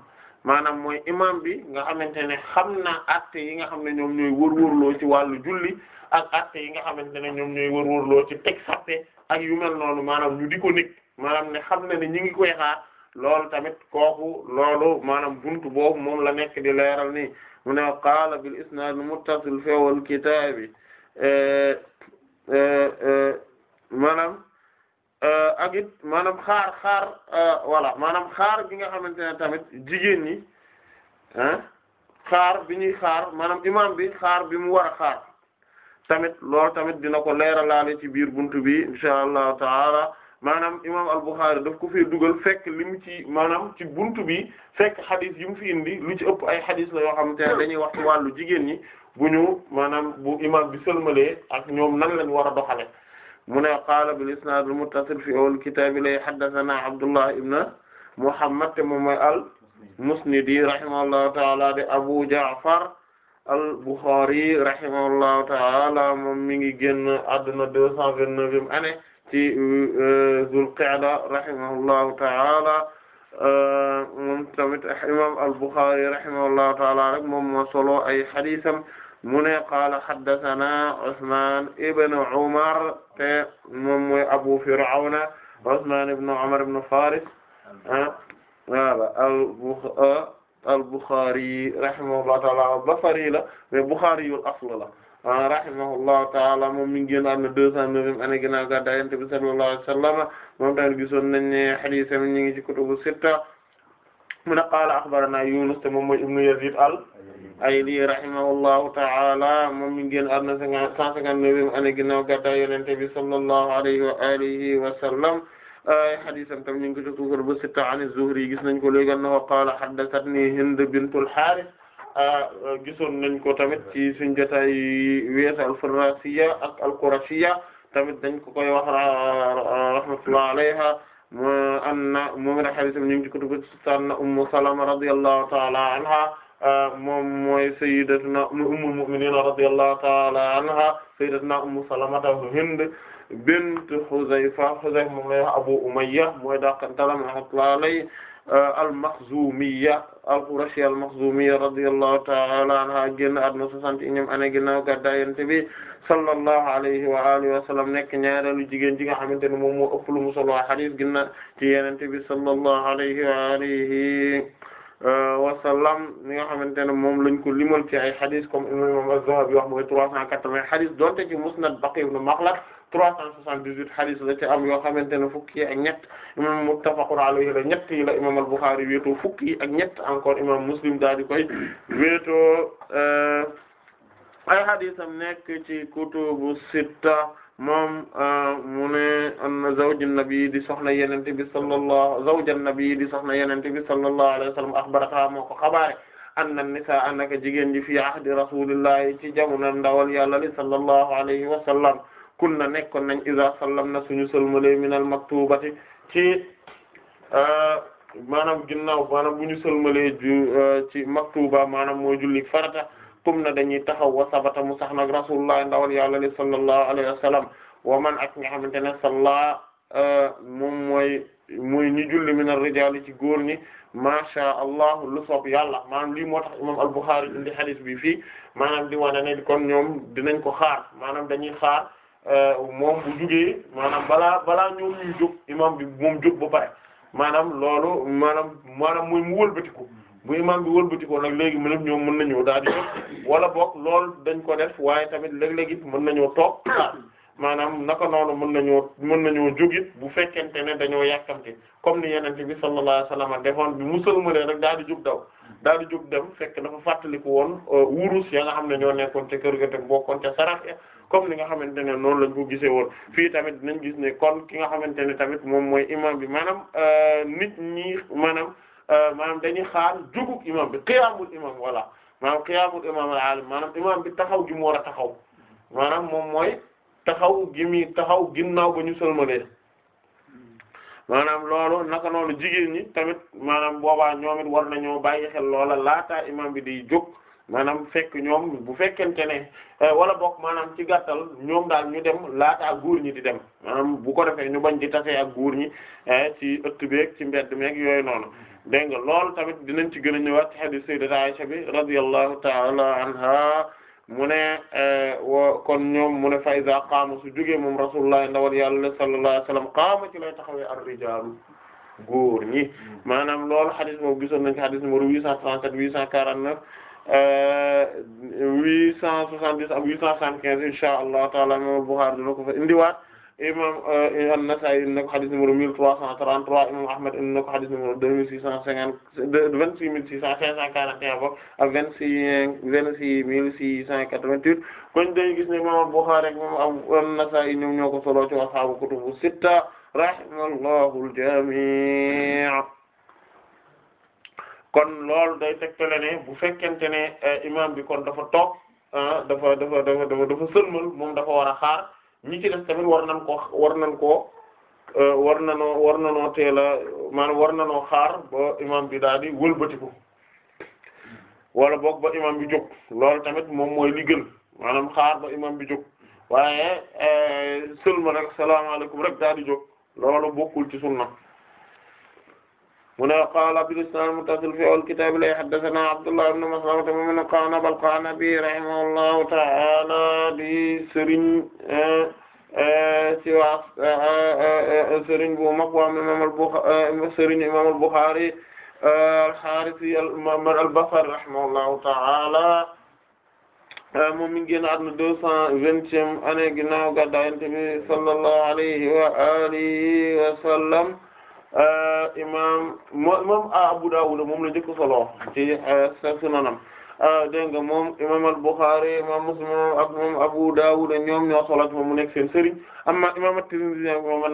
maanaam mooy imaam bi nga xamante ne xam na acte yi nga xam ne ñoom ñooy wërwërloo ci wàllu julli ak acte yi nga xamante ne ñoom ñooy wërwërloo ci teg sappe ak yu mel noonu maanaam ñu di ko nekk maanaam ne xam na ne ñu ngi koy xaar loolu tamit kooku loolu maanaam buntu boobu moom la nekk di leeral ni mu ne qaala bil isnaad muttasil fi al kitaabi euh, euh, maanaam. Euh, ak it maanaam xaar xaar euh, voilà maanaam xaar bi nga xamante ne tamit jigéen ñi ah xaar bi ñuy xaar maanaam imam bi xaar bi mu war a xaar tamit loolu tamit dina ko leeralaale ci biir bunt bi insha allahu taala maanaam imam al-Bukhârî daf ku fee dugal fekk li mu ci maanaam ci bunt bi fekk xadis yi mu fi indi lu ci ëpp ay xadis la yoo xamante ne dañuy wax ci wàllu jigéen ñi bu ñu maanaam bu imam bi sëlmalee ak ñoom nan lañu war a doxale mu ne qaala bil isnaad al muttasil fi awwal kitaab li haddathanaa Abdullah ibn Muhammad te moom mooy al musnidi rahimahullahu ta'ala de Abu Ja'far al Bukhari rahimahullahu ta'ala moom mi ngi génn àdduna deux cent vingt-neuvième année ci euh, Zul Qa'da rahimahullahu ta'ala euh, moom tamit imam al Bukhari rahimahullahu ta'ala rek moom moo solo ay hadiisam mu ne qaala haddathana Usman ibn Umar te moom mooy Abu Fir'awna Usman ibn Umar ibn Faris wala ah, al-Bukhari ah, rahimahullahu ta'ala Basri la mais Bukhari yul asl la ah, rahimahullahu ta'ala moom mi ngi génn am na deux cent neuvième année ginnaaw gàddaay Yonent bi sallallahu alayhi wa sallam moom tamit gisoon nañ ne hadiisam ñu ngi ci kutubu sitta mu ne qaala axbarana Yunus te moom mooy ibnu Yazid al Ayli rahimahullahu ta'ala moom mi ngi génn àdduna cent cinquante-neuvième année ginnaaw gàddaay Yonent bi sallallahu alayhi wa alihi wa sallam hadiisam tam ñu ngi ko ci kutubu bu sitta an Zuhri gis nañ ko léegal na wa qaala haddathatnii Hind bintul Haaris gisoon nañ ko tamit ci suñu jotaay yi weesu al-Firaarsiyya ak al-Qurashiyya tamit dañ ko koy wax rahmatullah alayha anna moom it hadith ñu ngi ci kutubu sitta anna Ummu Salama radiyallahu ta'ala anha moom mooy sayyidatuna ummul mu'minin radiyallahu ta'ala anha sayyidatuna Ummu Salama Hind bint Huzayfa Huzayfa moom lay wax Abu Umayya mooy daqantalam atlaalay al-Makhzumiyya al-Qurashiyya al-Makhzumiyya radiyallahu ta'ala anha génn àdduna 61 ane ginnaaw gàddaay Yonent bi sallallahu alayhi wa alihi wa sallam nekk ñaareelu jigéen ji nga xamante ne moom moo ëpp lu mu solo hadith ginna ci Yonent bi sallallahu alayhi wa alihi euh, wa sallam li xamante ne moom lañ ko limal ci ay hadith comme imam Az-Zahabi wax mooy trois cent quatre-vingts hadith donte ci Musnad Baqi ibn Makhlad trois cent soixante-dix-huit la ci am yoo xamante ne fukki ak ñett imam muttafaqun alayhi la ñett yi la imam al ak ñett encore imam Muslim daal di koy wéetoo euh, ay hadisam nekk ci kutubu sitta moom ah, mu ne anna zawju nabi di soxna yenente bi sallallahu zawju nabi di soxna yenente bi sallallahu alayhi wa sallam axbarata moo ko xabaare anna nisaa naka jigéen ji fi ahdi rasulillahi ci jamono ndawal yàlla li sallallahu alayhi wa sallam kunna nekkoon nañ iza sallam na suñu sëlmale min al maktubati ci ah, maanaam ginnaaw maanaam bu ñu sëlmale ju ah, ci maktuba maanaam mooy julli farata tum na dañuy taxaw wa sabata mu sax nag rasulullah ndawal yàlla li sallallahu alayhi wa sallam wa man ak nga xamante ne salla euh, moom mooy mooy ñi julli min ar-rijaal ci góor ñi macha allah lu soob yàlla maanaam lii moo tax imam al-Bukhari di hadith bi fii maanaam di wane di kon ñoom dinañ ko xaar maanaam dañuy xaar euh, moom bu jugee maanaam balaa balaa ñoom ñuy jóg imam bi moom pare maanaam loolu maanaam maanaam mooy mu wëlbatiku bu imaam bi wëlbati ko nag léegi mu ne ñoom mën nañoo daal di wala boog loolu dañ ko def waaye tamit léeg-léeg it mën nañoo toog maanaam naka noonu mën nañoo mën nañoo jóg it bu fekkente ne dañoo yàkkamti comme ni yonent bi sallallahu alayhi wa sallam defoon bi mu sëlmalee rek daal di jóg daw daal di jóg dem fekk dafa fàttaliku woon euh, wurus ya nga xam ne ñoo nekkoon ca kër ga te bokkoon ca sarax comme ni nga xamante ne noonu lañ ko gisee woon fii tamit nañ gis ne kon ki nga xamante ne tamit moom mooy imaam bi maanaam euh, nit ñi maanaam. Euh, maanaam dañuy xaar jugug imam bi qiyaamul imam voilà maanaam qiyaamul imam al bi taxaw gi mu war a taxaw maanaam moom mooy taxaw gi taxaw ginnaaw ba ñu sëlmalee maanaam loolu naka noonu jigéen ñi tamit maanaam boobaa ñoom it war nañoo bàyyi xel loola laataa imam bi di jóg maanaam fekk ñoom bu fekkente ne euh, wala bokk maanaam ci gàttal ñoom daal ñu dem laataa guur ñi di dem maanaam bu ko defee ñu bañ di tase ak guur ñi euh, ci ëtt beeg ci mbedd meeg yooyu noonu dégg nga loolu tamit dinañ ci gën a ñëwaat ci hadith sayyidati ta'ala anha mu ne eh, wa kon ñoom mu ne fa iza qaama su jógee moom rasulullah ndawal yàlla sallallahu alayhi wasallam qaama ci lay taxawee ar-rijaal góor ñi maanaam loolu hadith mo gisoon nañ ci hadith numéro 837 849 870 ak 875 insha Allah taala imam Bukhari dina ko fa indiwaat imam eh, an-Nasa'i indi na ko xadis numéro mille trois cent trente trois imam Ahmad indi na ko xadis numéro deux mille six cent cinquante vingt six mille six cent quatre vingt huit kon dañu gis ne imam Bukhari ak imam an-Nasa'i ñoom ñoo ko solo ci a kutubu sitta rahimallahu al-jami' kon loolu day tegtale ne bu fekkente ne eh, imam bi kon dafa toog ah, dafa dafa dafa dafa dafa moom dafa war a xaar ñi ci def tamit war nañ koo war nañ koo euh, war nanoo war nanoo teel a maanaam war nanoo xaar ba imam bi daal di wëlbatiku wala boog ba imam bi jóg loolu tamit moom mooy li gën maanaam xaar ba imam bi jóg waaye euh, sëlma rek salaamaaleykum rek daal di jóg loolu bokkul ci sunna mu ne qaala bil isnaad muttasil fi al kitaab la haddasanaa Abdullah ibn Maslama mu ne qaala al-Qanabi rahimahullahu ta'ala di sëriñ si waa sëriñ bu mag waa imaam al-Buxaari sëriñ imaam al-Buxaari al-Haarisi al-Basri rahimahullahu ta'ala moom mi ngi génn àdduna deux cent vingtième année ginnaaw gàddaay Yonent bi sallallahu alayhi wa alihi wa sallam Euh, imam moom Abu Dawud moom la njëkk solo ci euh, sunanam euh, dégg nga moom imam al-Bukhari imam Muslim ak moom Abu Dawud ñoom ñoo solo ci moom mu nekk seen sëriñ amma imam at-Tirmidhi ak moom an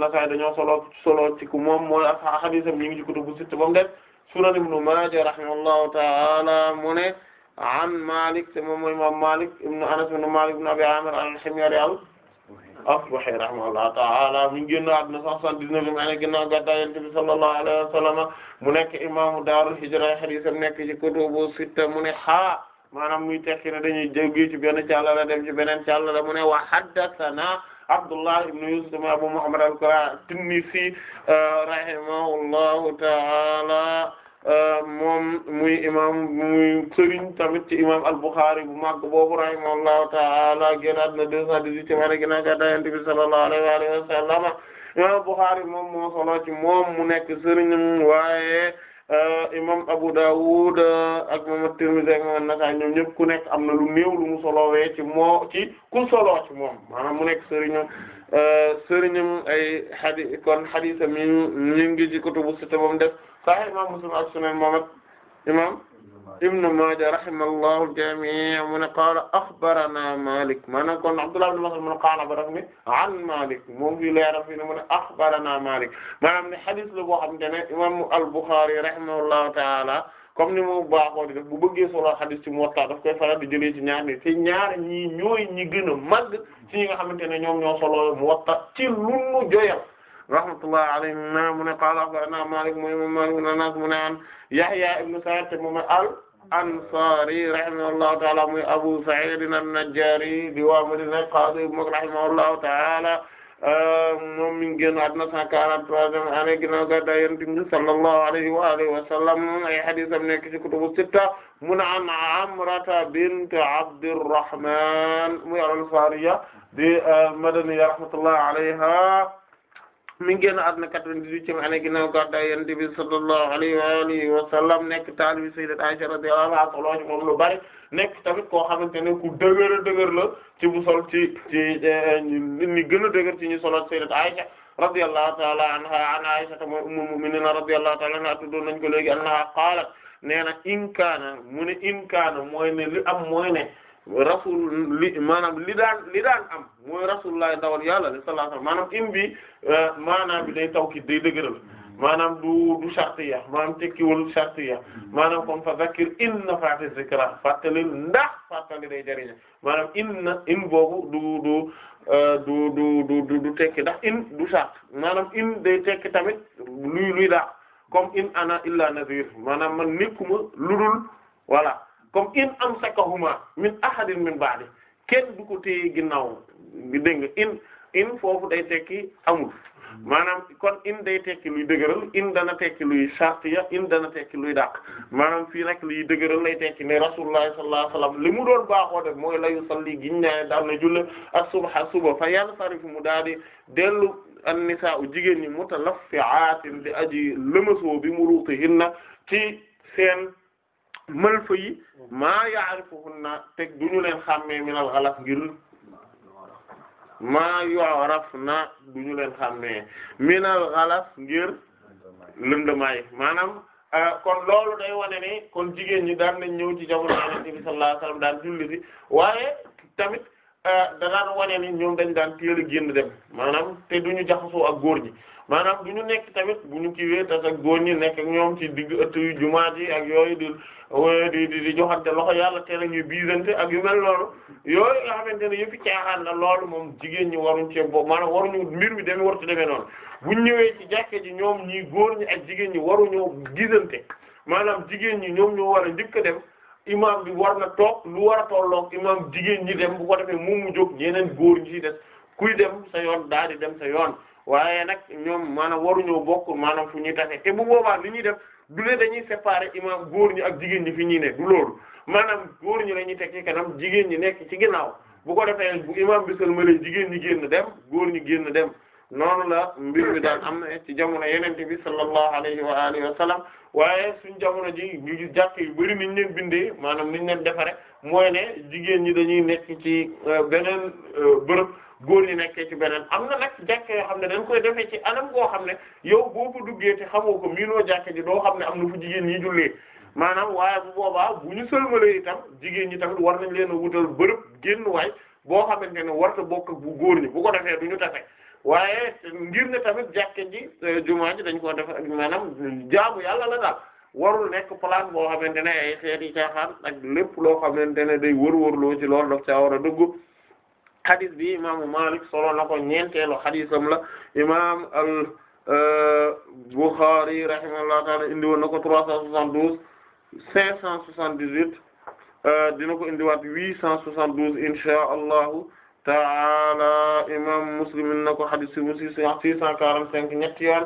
moom mooy hadiisam ñu ngi ci kutubu sitta ba mu def Sunan Ibn Maaja rahimahullahu ta'ala mu ne an Maalik Maalik ibn Abi Aamir al-Himyari Asbahi rahimahullahu ta'ala mi ngi génn àdduna 179 ane ginnaaw gàddaay Yonent bi sallallahu alayhi wa sallam mu nekk imaamu daarul hijra hadiisam nekk ci kutubu sitta mu ne ha maanaam muy tekki ne dañuy jóge ci benn càllala dem ci beneen càllala mu ne wa haddathana Abdullah ibn Yusuf Abu Muhammad al-Tinnisi rahimahullahu ta'ala moom muy imam muy sëriñ tamit ci imam al-Bukhari bu mag boobu rahimahullahu ta'ala génn àdduna deux cent dix-huitième année ginnaaw ga Yonent bi sallallahu alayhi wa alihi wa sallam imam al-Bukhari moom moo solo moom mu nekk sëriñam waaye euh, imam Abu Dawud euh, ak imam at-Tirmidhi ak imam an-Nasa'i ñoom ñëpp ku nekk am na lu néew lu mu solowee ci moo moom maanaam mu nekk sëriñam euh, sëriñam ay kon hadith mi ñu ngi ci kutubu sitta moom def Sahih imam Muslim ak Sunan Muhammad imam ibn Maaja rahimahullahu jamii'an mu ne qaala axbarana Maalik maanaam kon Abdullah ibn Mas'ud mu ne qaala ba daf ni an Maalik moo ngi leeral fii ne mu ne axbarana Maalik maanaam ne xadis la boo xamante ne imam al-Bukhari rahimahullahu taala comme ni mu baaxoo di def bu bëggee solo xadis ci Muwatta daf koy faral di jëlee ci ñaar ni ci ñaar ñii ñooy ñi gën a màgg ci ñi nga xamante ne ñoom ñoo solo Muwatta ci lu mu joyal rahmatullahi alayhi mu ne qaala axbarana Maalik mooy Maalik ibn Anas mu ne Yahya ibn Sa'id te moom al Ansari rahimahullahu ta'ala muy Abu Sa'id an-Najjari di waa Madina qaadi bu mag rahimahullahu ta'ala moom mi ngi génn àdduna 143e année ginnaaw gàddaay Yonent bi sallallahu alayhi wa alihi wa sallam ay hadiisam nekk ci kutubu sitta mun an Amrata bint Abdurrahman muy al-Ansariya di eh, Madaniya rahmatullahi alayha mi ngi génn àdduna 98e année ginnaaw gàddaay Yonent bi sallallahu alayhi wa alihi wa sallam nekk taalibi sayyidat Aisha radiyallahu anha solo ci moom lu bari nekk tamit koo xamante ne ku dëgër a dëgër la ci bu sol ci ci eh, ni gën a dëgër ci ñu solo sayyidat Aisha radiyallahu ta'ala anha an Aisha mooy ummul mu'minina radiyallahu ta'ala anha tuddoon nañ ko léegi annaha qaalat nee na in kaana mu ne in kaana mooy ne li am mooy ne rasul li maanaam li daan li daan am mooy rasulullah ndawal yàlla sallallahu alayhi wasallam maanaam im bi euh, maanaam bi day tawkid day dëgëral maanaam du du shartiya maanaam tekkiwul shartiya maanaam kon fa zakir in na fati zikra fàttali ndax fàttali day jëriña maanaam in na in boobu euh, du du du du du tekki dax in du shart maanaam in day tekki tamit luy luy daax comme in ana illa nazir maanaam man nekkuma ludul voilà comme in amsakahuma min ahadin min ba'di kenn du ko téye ginnaaw dégg nga in in foofu day tekki amul maanaam kon in day tekki luy dëgëral in dana tekki luy shartiya in dana tekki luy dàq maanaam fi nag liy dëgëral lay tekki ne rasulullah sallallahu alayhi wasallam li mu doon baaxoo def mooy la layu salli giñ naa daal na julle as-subha suba fa yansarifu mu daal di dellu an-nisaa u jigéen ñi mutalafiaatin di aji lëmasoo bi mu muruuti hinna ci seen mël fa ma mm. maa ya'rifuhunna teg du ñu leen xàmmee minal ghalas ngir maa yu'rafna du ñu leen xàmmee minal ghalas ngir lëndamaay maanaam euh, kon loolu day wane ne kon jigéen ñi daan nañ ñëw ci jamono Yonent bi sallallahu alayhi wasallam daan julli ci waaye tamit euh, da daan wane ni ñoom dañ daan teel a génn dem maanaam te du ñu jaxasoo ak góor ñi maanaam bu ñu nekk tamit bu ñu kiiwee tas ak góor ñi nekk ak ñoom ci digg ëtt yu jumaat yi ak yooyu di euh, di di di joxante loxo yàlla teel a ñuy biisante ak yu mel loolu yooyu nga xamante ne yëpp caaxaan la loolu moom jigéen ñi waruñ cee boobu maanaam waruñu mbir mi demee war ci demee noonu bu ñëwee ci jàkkee ji ñoom ñii góor ñi ak jigéen ñi waruñoo gisante maanaam jigéen ñi ñoom ñoo war a njëkk a dem imaam bi war na toog lu war a tolloog imaam jigéen ñi dem bu ko defee moom mu jóg ñeneen góor ñi ci des kuy dem sa yoon daal di dem sa yoon. waaye nag ñoom maanaam waruñoo bokk maanaam fu ñuy tase ke bu boobaa li ñuy def du ne dañuy séparer imam góor ñi ak jigéen ñi fi ñuy ne du loolu maanaam góor ñi la ñi teg ci kanam jigéen ñi nekk ci ginnaaw bu ko defee bu imam ma sëlmalee jigéen ñi génn dem góor ñi génn dem noonu la mbir mi daal am na ci jamono yeneen bi sallallahu alayhi wa alihi wa sallam waaye suñ jamono ji ñu gis jàkk yu bari niñ leen bindee maanaam niñ leen defare mooy ne jigéen ñi dañuy nekk ci euh, beneen euh, bërëb góor ñi nekkee ci beneen am na nag jàkka yoo xam ne dañ koy defee ci anam boo xam ne yow boobu duggee te xamoo ko miinoo jàkka ji doo xam ne am na fu jigéen ñi jullee maanaam waaye bu boobaa bu ñu sëlmalee itam jigéen ñi tamit war nañ leen a wutal bërëb génn waay boo xamante ne warta bokk bu góor ñi bu ko defee du ñu tase waaye ngir ne tamit jàkka ji euh, jumaa ji dañ koo def ak maanaam jaamu yàlla la daal warul nekk place boo xamante ne ay xeet yi caaxaan ak lépp loo xamante ne day wër-wër loo ci loolu daf caa war a dëgg xadis bi imaamu Malik solo na ko ñeenteelu xadisam la imaam al euh, Bukhari rahimahullahu ta'ala indi woon na ko trois cent soixante-douze cinq cent soixante-dix-huit euh, dina ko indiwaat huit cent soixante-douze inshaa Allahu ta'ala imaam Muslim na ko xadis bu six cent quarante-cinq ñetti yoon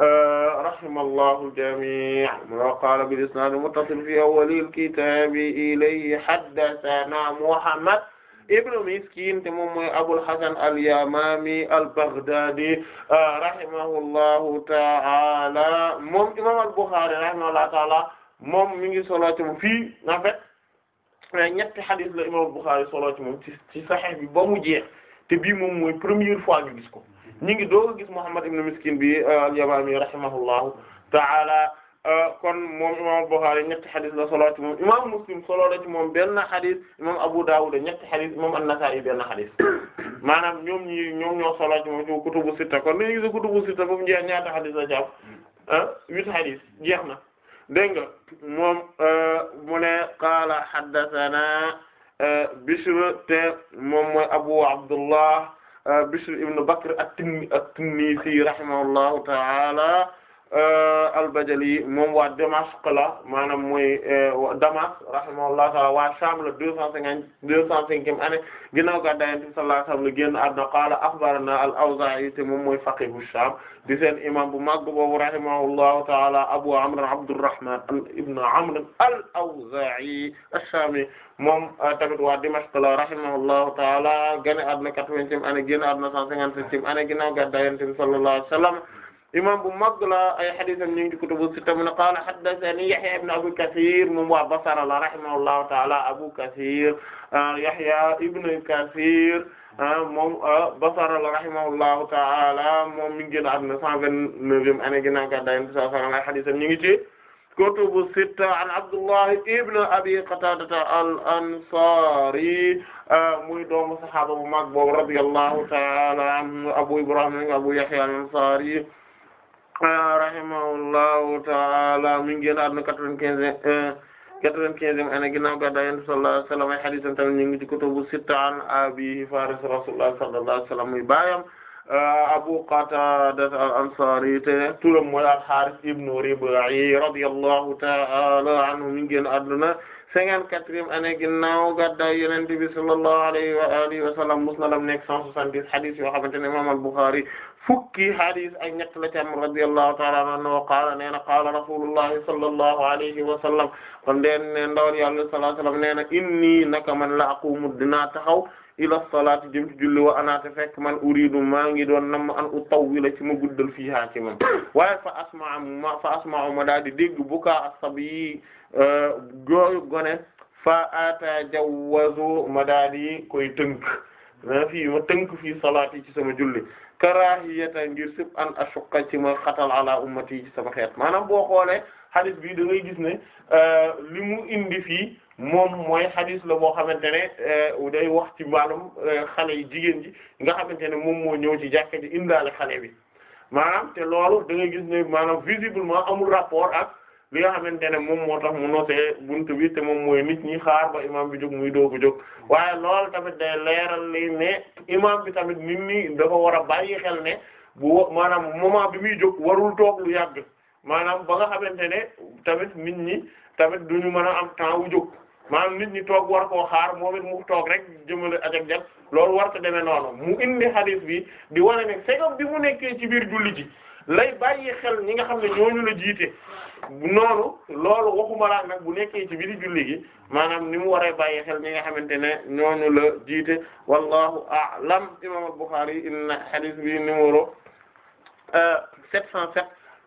rahimallahu al-jamii' wa qaala bil-isnaad al-muttasil fii awwali al-kitaab ilayhi haddathanaa Muhammad ibn Miskiin te moom mooy Abul Hasan al-Yamaami al-Baghdaadi rahimahullahu ta'aala moom imaam al-Bukhaari rahimahullahu ta'aala moom mi ngi solo ci moom fii en fait ñetti hadiis la imaam al-Bukhaari solo ci moom ci ci Sahih bi ba mu jeex te bii moom mooy première fois ñu gis ko. ñi ngi doog a gis Muhammad ibn Miskin bi euh, al-Yamami rahimahullahu ta'ala euh, kon moom imam Bukhari ñetti xadis la solo ci moom imam Muslim solo la ci moom benn xadis imam Abu Dawud ñetti xadis imam An-Nasa'i benn xadis [COUGHS] maanaam ñoom ñi ñoom ñoo solo ci moom ci kutubu sitta kon dañuy gis kutubu sitta foofu jeex ñaata xadis la jàpp ah euh, huit xadis jeex na dégg nga moom mu ne qaala haddathana Bishr te moom mooy Abu Abdullah Bishr ibn Bakr at-Tinnisi rahimahullahu ta'ala Euh, al-Bajali moom waa Damashq la maanaam mooy euh, Damas rahimahullahu ta'ala waa Sham la deux cent cinquante deux cent cinquième année ginnaaw gàddaay Yonent bi sallallahu alayhi wa sallam la génn àdduna qaala akhbarana al-Awzaa'i te moom mooy faqihu Sham di seen imam bu mag boobu rahimahullahu ta'ala Abu Amr Abdurrahman ibn Amr al-Awzaa'i ash-Shami moom euh, tamit waa Dimashq la rahimahullahu ta'ala génn àdduna quatre-vingtième année génn àdduna cent cinquante-septième année ginnaaw gàddaay Yonent bi sallallahu alayhi wa sallam imam bu mag la ay xadisam ñu ngi ci kutubu sitta mu ne qaala haddathani Yahya ibn Abi Kathir moom waa Basra la rahimahullahu ta'ala Abu Kathir ah, Yahya ibn Kathir ah, moom ah, Basra la rahimahullahu ta'ala moom mi ngi génn àdduna 129e année ginnaaw gàddaay Yonent bi sallallahu alayhi wa sallam ay xadisam ñu ngi ci kutubu sitta an Abdullah ibn Abi Qatada al-Ansari muy doomu saxaaba bu mag boobu radiyallahu ta'ala anhu Abu Ibrahim Abu Yahya al-Ansari rahimahullahu ta'ala mi ngi génn àdduna quatre-vingt-quinze euh, quatre-vingt-quinzième année ginnaaw gàddaay Yonent bi sallallahu alayhi wa sallam ay hadiisam tamit ñu ngi ci kutubu sitta an abiihi Faaris Rasuulullah sallallahu alayhi wa sallam muy baayam euh, Abu Qataada al-Ansaari te turam mooy al-Haaris ibn Ribaa'i radiyallahu ta'ala anhu mi ngi génn àdduna cinquante-quatrième année ginnaaw gàddaay ne imaam fukki hadis ak ñett la ci am radiyallahu ta'ala anhu wa qaala nee na qaala rasulullahi sallallahu alayhi wa sallam kon deen ne ndawal yàlla sallallahu alayhi wa sallam nee na inni naka man la aqumu dinaa taxaw ila salaati jëm ci julli wa anaate fekk man uridu maa ngi doon nam an utawwila ci ma guddal fiihaa ci moom [COUGHS] waaye fa asmaa ma fa asmaa ma daal di dégg bukaa as-sabi euh, gooyu gone fa atajawwazu ma daal di koy tënk ma fii ma tënk fii salaati ci sama julli karaahiyata ngir sib an ashuqqa ci ma xatal ala ummati ci sama xeet maanaam boo xoolee xadis bi dangay ngay gis ne euh, li mu indi fii moom mooy xadis la boo xamante ne euh, day wax ci wàllum euh, xale yi jigéen ji nga xamante ne moom moo ñëw ji jàkka ji indaale xale bi maanaam te loolu da gis ne maanaam visiblement amul rapport ak li nga xamante ne moom moo tax mu noté buntu bi te moom mooy nit ñi xaar ba imaam bi jóg muy doogu jóg waaye loolu tamit day leeral li ne imaam bi tamit nit ñi dafa war a bàyyi xel ne bu maanaam moment bi muy jóg warul toog lu yàgg maanaam ba nga xamante ne tamit nit ñi tamit duñu mën a am temps wu jóg maanaam nit ñi toog war ko xaar moo it mu toog rek jëmale ajak jak loolu war ko demee noonu mu indi xadiis bi di wane ne fekk bi mu nekkee ci biir julli ji lay bàyyi xel ñi nga xam ne ñooñu la jiite noonu loolu waxuma laa bu nekkee ci julli gi maanaam ni mu waree bàyyi xel ñi nga xamante ne ñooñu la jiite wallahu a'lam imam al-Bukhari indi na hadith bi numéro 707 euh,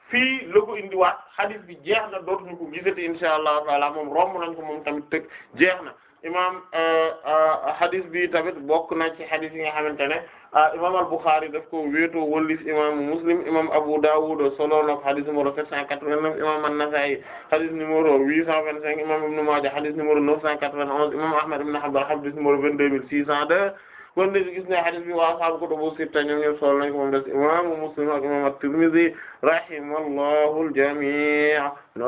fii la ko indiwaat hadith bi jeex na dootuñu ko gisati insha allahu taala moom romb nañ ko moom tamit tëg jeex na imam euh, euh, hadith bi tamit bokk nañ ci hadith bi nga xamante ne Ah, imam al-Bukhari daf ko wéetoo wëllis imam Muslim imam Abu Dawud solo na ko hadith numéro 789 imam an-Nasa'i hadith numéro 825 imam Ibn Majah hadith numéro 991 imam Ahmad ibn Hanbal hadith numéro 22602 kon dañu gis ne hadith bi waa ashaabu kutubu sitta ñoom ñëpp solo nañ ko moom des imaamu Muslim ak imaam at-Tirmidhi rahimahullahu al-jamii'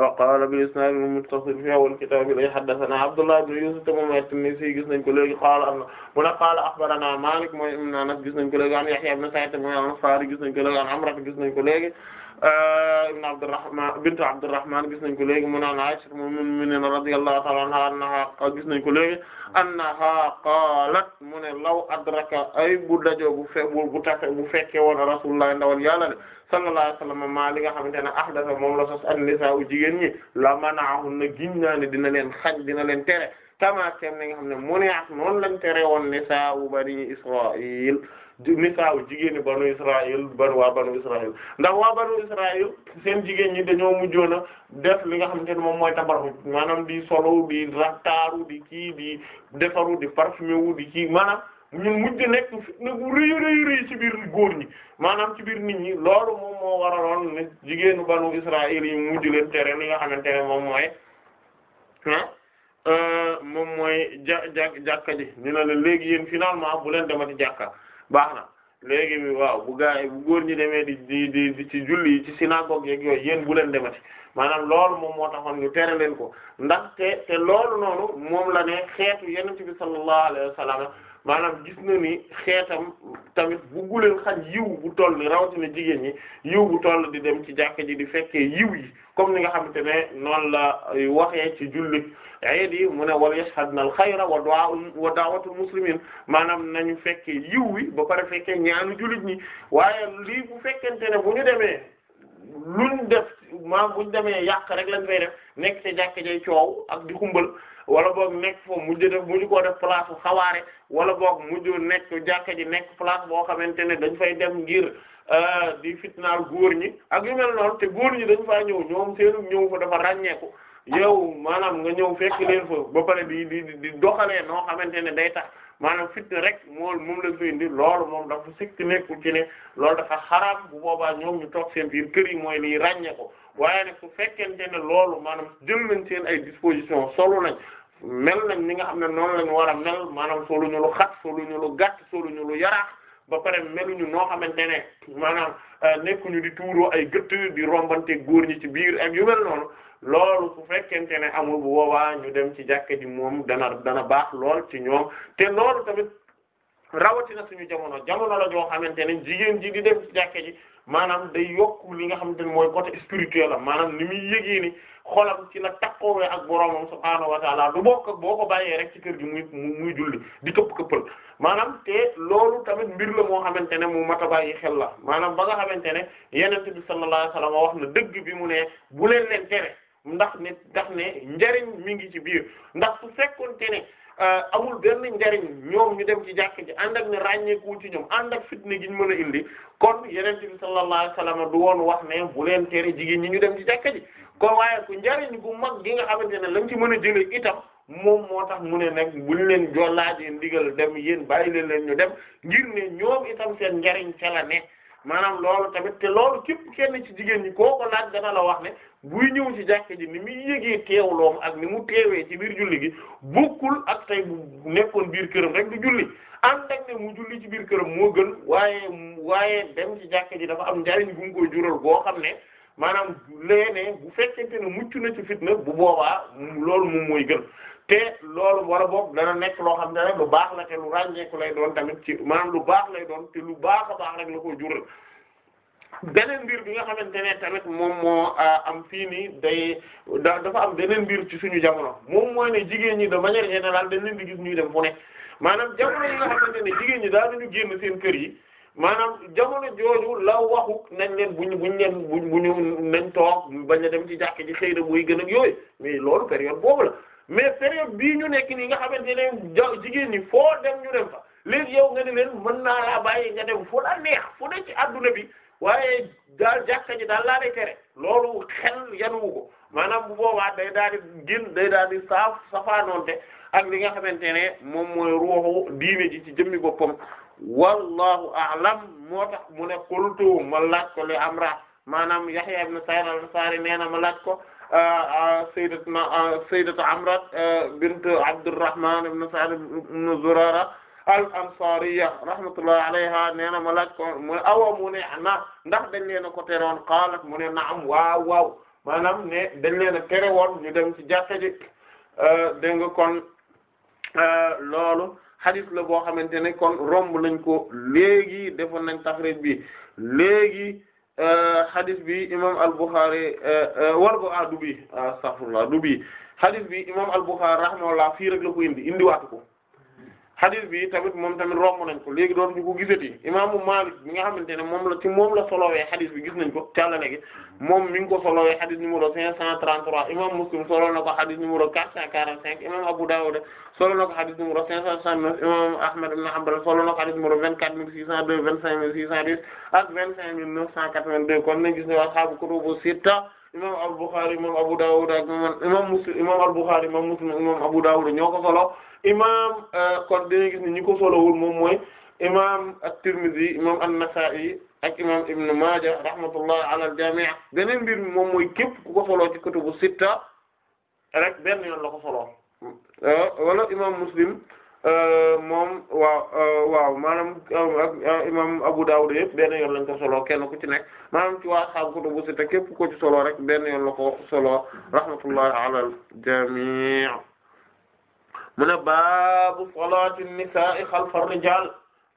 wa qaala bil isnaad al-muttasil fi awwal kitaab li haddathanaa Abdullah ibn Yusuf moom at-Tinnisi gis nañ ko léegi qaala am na mu ne qaala akhbaranaa Maalik mooy ibn Anas gis nañ ko léegi am Yahya ibn Sa'id mooy al-Ansaari gis nañ ko léegi am Amra gis nañ ko léegi Euh, ibn Abdurrahman bint Abdurrahman gis nañ ko léegi mu naan Aisha ummul mu'minin radiyallahu ta'ala anha annaha gis nañ ko léegi annaha qalat mu ne law adraka ay bu dajoo bu fe bu tafe bu fekkee woon rasulullah ndawal yàlla de sallallahu alayhi wasallam maa li nga xamante ne ahdatha moom la sos an-nisaa u jigéen ñi la mana'ahunna giñ naa ne dina leen xaj dina leen tere kama kem ni nga xam ne mu ne noonu lañ tere woon nisaa u bani Israa'il nisaaw jigéeni banu Israël ban waa banu Israël ndax waa banu Israël seen jigéen ñi dañoo mujjoon a def li nga xam ne moom mooy tabaru maanaam di solo di raktaaru di kii di defaru di parfumé wu di kii maanaam ñun mujj nekk fitna bu rëy rëy ci biir góor ñi maanaam ci biir nit ñi loolu moom moo waraloon ne jigéenu banu Israël yi mujj leen tere li nga xamante ne moom mooy ah, euh, moom mooy ja ja jàkka ji ñu ne la léegi yéen finalement bu leen demati jàkka baax na léegi bi waaw bu gaa yi bu góor ñi demee di di di ci julli ci synagogue yeeg yooyu yéen bu leen demati maanaam loolu moom moo taxoon ñu tere leen ko ndaxte te loolu noonu moom la ne xeetu yonent bi sallallahu alayhi wa sallam maanaam gis na ni xeetam tamit bu guleen xaj yiw bu toll ni rawatina jigéen ñi yiw bu toll di dem ci jàkka ji di fekkee yiw yi comme ni nga xamante ne noonu la eh, waxee ci julli eid yi mu ne wal yashhadna al xayra wa du'a wa da'watul muslimin maanaam nañu fekke yiw wi ba pare fekke ñaanu jullit ñi waaye lii bu fekkente ne bu ñu demee luñ def maam buñ demee yàq rek lañ fay def nekk ci jàkk jay coow ak di xumbal wala boog nekk foofu mujj def mujj koo def place xawaare wala boog mujj nekk jàkka ji nekk place boo xamante ne dañ fay dem ngir euh, di fitnaal góor ñi ak yu mel noonu te góor ñi dañ faa ñëw ñoom seenu ñëw fa dafa ràññeeku yow maanaam nga ñëw fekk leen fa ba pare di di di doxalee noo xamante ne day tax maanaam fit rek mool moom la fi indi loolu moom dafa sikk nekku ci ne loolu dafa xaraam bu boobaa ñoom ñu toog seen biir kër yi mooy liy ràññee ko waaye nag su fekkente ne loolu maanaam jël nañ seen ay disposition solo nañ mel nañ ni nga xam ne noonu lañ war a mel maanaam soluñu lu xat soluñu lu gàtt soluñu lu yaraax ba pare meluñu noo xamante ne maanaam euh, nekkuñu di tuuroo ay gëtt di rombante góor ñi ci biir ak yu mel loolu su fekkente ne amul bu boobaa ñu dem ci jàkka ji moom dana dana baax lool ci ñoom te loolu tamit rawatina suñu jamono jamono la joo xamante ne jigéen ji di dem ci jàkka ji maanaam day yokk li nga xamante ne mooy côté spirituel la maanaam li muy yëgee ni xolam ci na takkoowee ak boroomam subhaanahu wa taala du bokk boo ko bàyyee rek ci kër gi muy muy julli di këpp këppal maanaam te loolu tamit mbir la moo xamante ne mu mat a bàyyi xel la maanaam ba nga xamante ne yonent bi mu ne bu leen leen tere. ndax ne ndax ne njariñ mi ngi ci biir ndax su fekkonte ne euh, amul benn njariñ ñoom ñu dem ci jàkk ji ànd ak ne ràññeeku ci ñoom ànd ak fitne gi ñu mën a indi kon yeneen bi sallallahu alayhi du woon wax ne bu leen tere jigéen ñi ñu dem ci jàkk ji kon waaye ku njariñ gu mag gi nga xamante ne lañ ci mën a jëlee itam moom moo tax mu ne nag buñ leen jollaajee ndigal dem yéen bàyyi leen leen ñu dem ngir ne ñoom itam seen njariñ ca ne maanaam loolu tamit te loolu képp kenn ci jigéen ñi ko laaj dana wax ne buy ñëw ci jàkka ji ni muy yëgee teewloom ak ni mu teewee ci biir julli gi bokkul ak tey bu nekkoon biir këram rek du julli ànd ak ne mu julli ci biir këram moo gën waaye waaye dem ci jàkka ji dafa am njariñ bu mu koy jural boo xam ne maanaam léeg bu fekkente ne mucc na ci fitna bu boobaa loolu moom mooy gën te loolu war a bokk dana nekk loo xam ne rek lu baax la te lu ràññeeku lay doon tamit ci maanaam lu baax lay doon te lu baax a baax rek la koy jural. beneen mbir bi nga xamante ne tamit moom moo euh, am fii nii day dafa am beneen mbir ci suñu jamono moom mooy ne jigéen ñi de manière générale dañ leen di gis ñuy dem fu ne maanaam jamono yi nga jigéen ñi daal dañu génn seen kër yi maanaam jamono jooju la waxu nañ leen buñ buñ leen buñ buñu nañ toog bañ a dem ci jàkk ji xëy na muy gën ak yooyu mais loolu période boobu la mais période bii ñu nekk nii nga xamante ne jigéen ñi foo dem ñu dem fa léegi yow nga ne leen mën naa laa bàyyi nga dem fu la neex fu ne ci adduna bi waaye daal jàkka ji daal laa lay tere loolu xel yanuwu ko maanaam bu boobaa day daal di gën day daal di saaf safaanoonte ak li nga xamante ne moom mooy ruuxu diine ji ci jëmmi boppam wallahu a'lam moo tax mu ne qultu ma laaj ko li amra maanaam Yahya ibn Sa'id al-Ansari nee na ma laaj ko ah, ah, sayyidatuna ah, sayyidatu Amra bint Abdurrahman ibn Sa'd ibn Zurara al-Ansariya rahmatullah alayha nee na ma laaj ko mu ne awa mu ne na ndax dañ leen a ko terewoon qaalat mu ne naam waaw waaw maanaam ne dañ leen a terewoon ñu dem ci jàkka ji euh, dégg nga kon euh, loolu hadith la boo xamante ne kon romb lañ ko léegi defoon nañ taxrij bi léegi hadith euh, bi imam al-Bukhari wargo a dubi astaghfirullah dubi hadith bi imam al-Bukhari rahimahullah fii rek la ko indi indiwaatu ko xadis bi tamit moom tamit romb nañ ko léegi doon ñu ko gisati imaamu Maalik bi nga xamante ne moom la ci moom la solowee xadis bi gis nañ ko càlla léegi moom mi ngi ko solowee xadis numéro 533 imaam Muslim solo na ko xadis numéro 445 solo na ko xadis numéro 569 imaam Ahmad ibn Hanbal solo na ko xadis numéro 24602 25610 ak 25982 kon nañ gis ne ashaabu kutubu sitta imam al-Bukhari imam Abu Dawud ak imam al-Bukhari imam Muslim imam Abu Dawud ñoo ko solo imaam euh, kon dañuy gis ni ñi ko solowul moom mooy imaam at-Tirmidhi imaam an-Nasa'i ak imaam Ibn Maaja rahmatullah ala al-jami' beneen mbir mi moom mooy képp ku ko soloo ci kutubu sitta rek benn yon la ko soloo euh, wala imaam Muslim euh, moom waaw waaw maanaam imam Abu Dawud yëpp benn yoon lañ ko solo kenn ku ci nekk maanaam ci waa xam kutubu sitta képp ko ci solo rek benn yon la ko solo rahmatullahi ala al-jami' mu ne baabu nisa nisaa'i xalfa rijaal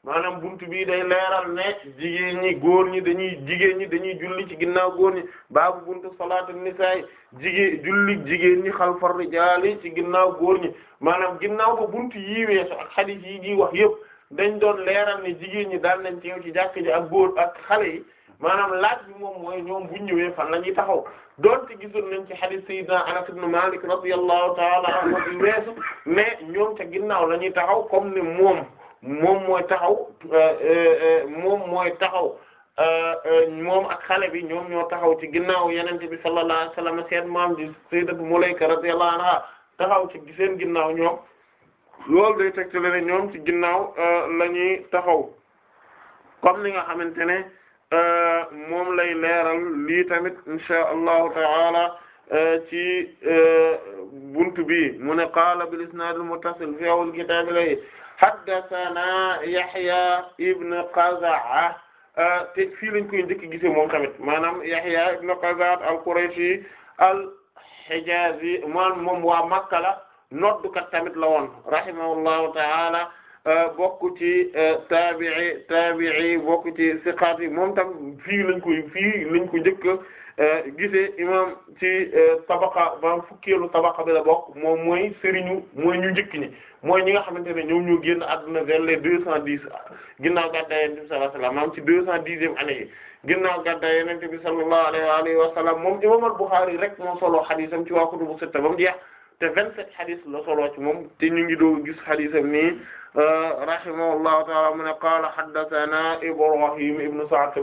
maanaam buntu bii day leeral ne jigéen ñi góor ñi dañuy jigéen ñi dañuy julli ci ginnaaw góor ñi baabu buntu salaati nisaa'i jigéen julli jigéen ñi xalfa rijaal yi ci ginnaaw góor ñi maanaam ginnaaw ba buntu yii weesu ak xadiis yi di wax yëpp dañ doon leeral ne jigéen ñi daal nañ teew ci jàkk ji ak góor ak xale yi. maanaam laaj bi moom mooy ñoom bu ñëwee fan la ñuy taxaw doonte gisoon nañ ci hadith sayyidina Anas ibn Malik radiyallahu ta'ala anhu bi weesu mais ñoom ca ginnaaw la taxaw comme ni moom moom mooy taxaw euh, euh, euh, moom mooy taxaw moom ak xale bi ñoom ñoo taxaw ci ginnaaw yenente bi sallallahu alayhi wasallam seen maam di sayyidatu Mulayka radiyallahu anha taxaw ci seen ginnaaw ñoom loolu day tegtale ne ñoom ci ginnaaw lañuy taxaw comme ni nga xamante ne Euh, moom lay leeral lii tamit inshaa allahu taala euh, ci euh, buntu bi mu ne qaala bil isnaad al muttasil fi awwal kitaab lay haddasanaa Yahya ibn Qaza'a te fii lañ koy njëkk gisee moom tamit maanaam Yahya ibn Qaza'a al-Qurayshi al-Hijazi moom waa Makka la noddukat tamit la woon rahimahullahu taala Euh, bokk ci euh, taabi'i taabi'i bokk ci siqaat yi moom tam fii lañ koy fii lañ ko njëkk euh, gisee imam ci tabaqa ba fukkeelu tabaqa bi la bokk moom mooy sëriñu mooy ñu njëkk ñi mooy ñi nga xamante ne ñoom ñu génn àdduna vers les deux cent dix ginnaaw gàddaay Yonent bi sallallahu alayhi wa ci deux cent dixième année yi ginnaaw wa alihi moom imam al-Bukhari rek moo solo xadiisam ci waa kutubu sitta ba mu jeex te vingt-sept xadiis la solo ci moom te ñu ngi doo gis xadiisam nii rahimahullahu ta'ala mu ne qaala haddathana Ibrahim ibn Sa'd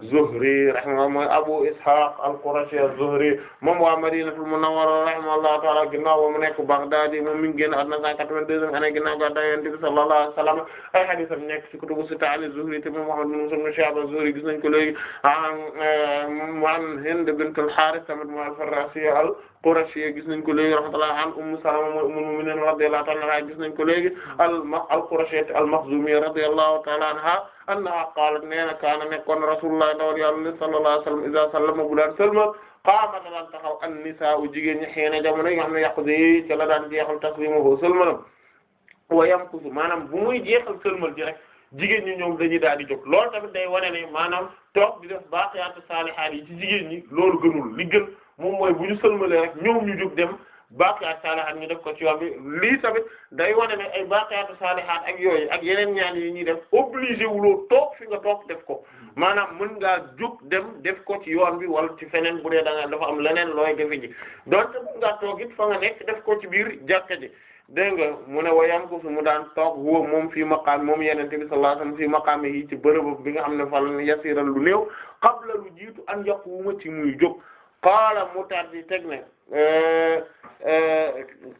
Zuhri rahimahullah mooy Abu Ishaq al-Qurashi az-Zuhri moom waa Madinatul Munawwara rahimahullahu ta'ala ginnaaw ba mu nekk Baghdadi moom mi ngi génn àdduna 182 année ginnaaw gàddaay Yonent bi sallallahu alayhi wa sallam ay hadiisam nekk ci kutubu sitta an az-Zuhri te moom Muhammad ibn Muslim ibn Shihab az-Zuhri gis nañ ko léegi an euh, Hind bint al-Harith tamit mooy al-Firasiyya al-Qurashiyya gis nañ ko léegi rahimahullah an Umm Salama mooy ummul mu'minin radiyallahu ta'ala anha gis nañ ko léegi al-Qurashiyya al-Makhzumiyya radiyallahu ta'ala anha annahaa qaalat nee na kaana nekkoon rasulullah ndawal yàlla sallallahu alayhi wa sallam iza sallama bu daan sëlma qaama da daan taxaw an-nisaa'u jigéen ñi xëy na jamono yi nga xam ne yàqu si ca la daan jeexal tasliimahu sëlmalam wa yamkusu maanaam bu muy jeexal sëlmal ji rek jigéen ñi ñoom dañuy daal di jóg loolu tamit day wane ne maanaam toog di def baaqiyaatu saalihaat yi ci jigéen ñi loolu gënul li gën moom mooy bu ñu sëlmalee rek ñoom ñu jóg dem baaqiyaat saalihaat ñu def ko ci yoon bi lii tamit day wane ne ay baaqiyaatu saalihaat ak yooyu ak yeneen ñaan yi ñuy def obligé wuloo toog fi nga toog def ko maanaam mën ngaa jóg dem def ko ci yoon bi wala ci feneen bu dee da dafa am leneen looy defe ji donc mën ngaa it fa def ko ci biir jàkka ji dégg nga mu ne wayam ko fi mu daan toog wóo moom fii maqaam moom yeneen bi sallallahu alayhi wasallam fii maqaame yi ci bërëb bi nga xam ne falan yasiran lu néew qabla lu jiitu an yaquuma ci muy jóg qaala mu tar di teg ne Euh, euh,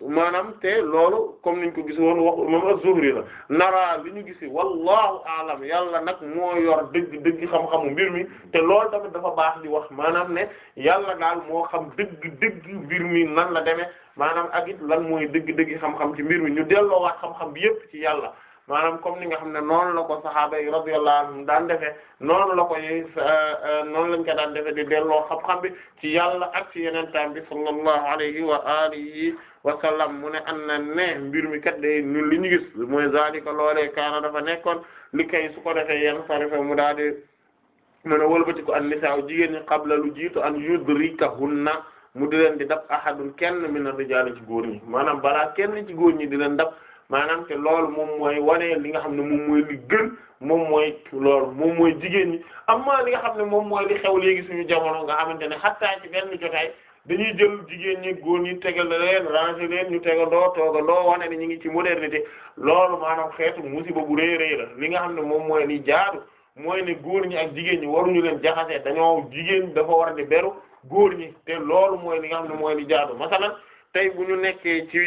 maanaam te loolu comme niñ ko gis woon wax moom az-Zuhri la naraa li ñu gisi wallahu aalam yàlla nag moo yor dëgg dëgg xam-xamu mbir mi te lool tamit dafa baax di wax maanaam ne yàlla daal moo xam dëgg dëgg mbir mi nan la demee maanaam ak it lan mooy dëgg dëgg xam-xam ci mbir mi ñu delloowaat xam-xam bi yépp ci yàlla maanaam comme ni nga xam ne noonu la ko sahaaba yi radiyallahu anhum daan defee noonu la ko yi euh, euh, noonu lañ ko daan defee di delloo xam-xam ci yàlla ak ci yeneen taam bi sallallahu alayhi wa alihi wa sallam mu ne an na ne mbir mi kat day ñun li ñu gis mooy zalika loolee kaana dafa nekkoon li kay su ko defee mu daa di mu ne wëlbati ko an nisaa jigéen ñi qabla lu jiitu an yudrikahunna mu di leen di dab ahadun kenn min ar-rijaal ci góor ñi maanaam balaa kenn ci góor ñi di leen dab maanaam te loolu moom mooy wane li nga xam ne moom mooy li gën moom mooy loolu moom mooy jigéen ñi amma li nga xam ne moom mooy li xew léegi suñu jamono nga xamante ne xattaa ci benn jotaay dañuy jël jigéen ñi góor ñi tegal leen ranger leen ñu tegandoo toogandoo wane ne ñu ngi ci modernité loolu maanaam xeetu musiba bu rëy rëy la li nga xam ne moom mooy li jaadu mooy ne góor ñi ak jigéen ñi waruñu leen jaxase dañoo jigéen dafa war di beru góor ñi te loolu mooy li nga xam ne mooy li jaadu masalan tey bu ñu nekkee ci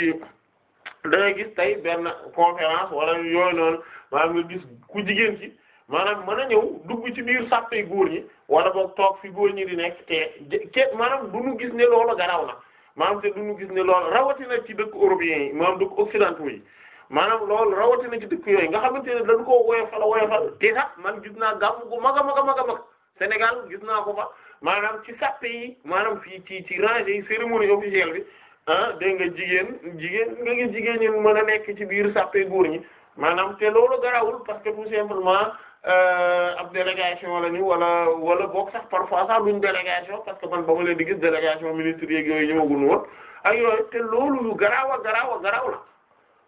da ngay gis tey benn conférence wala yooyu noonu maanaam nga gis ku jigéen ci maanaam mën a ñëw dugg ci biir sàppee góor ñi wala boog toog fi góor ñi di nekk te ke maanaam du ñu gis ne loolu garaw na maanaam te du ñu gis ne loolu rawatina ci dëkk européens yi maanaam dëkk occidentaux yi maanaam loolu rawatina ci dëkk yooyu nga xamante ne dañ koo woyofal woyofal te sax man gis naa gàmm gu mag a mag a mag a mag Sénégal gis naa ko fa maanaam ci sàppe yi maanaam fii ci ci rangée yi cérémonie officielle ah dégg nga jigéen jigéen nga ngi jigéen ñi mën a nekk ci biir sàppe góor ñi maanaam te loolu garawul parce que tout simplement euh, ab délégation la ñu wala wala boog sax parfois sax duñ délégation parce que man ba ma leen di gis délégation ministre yeeg yooyu ñëwagul woon ak te loolu lu garaaw a garaaw a garaaw la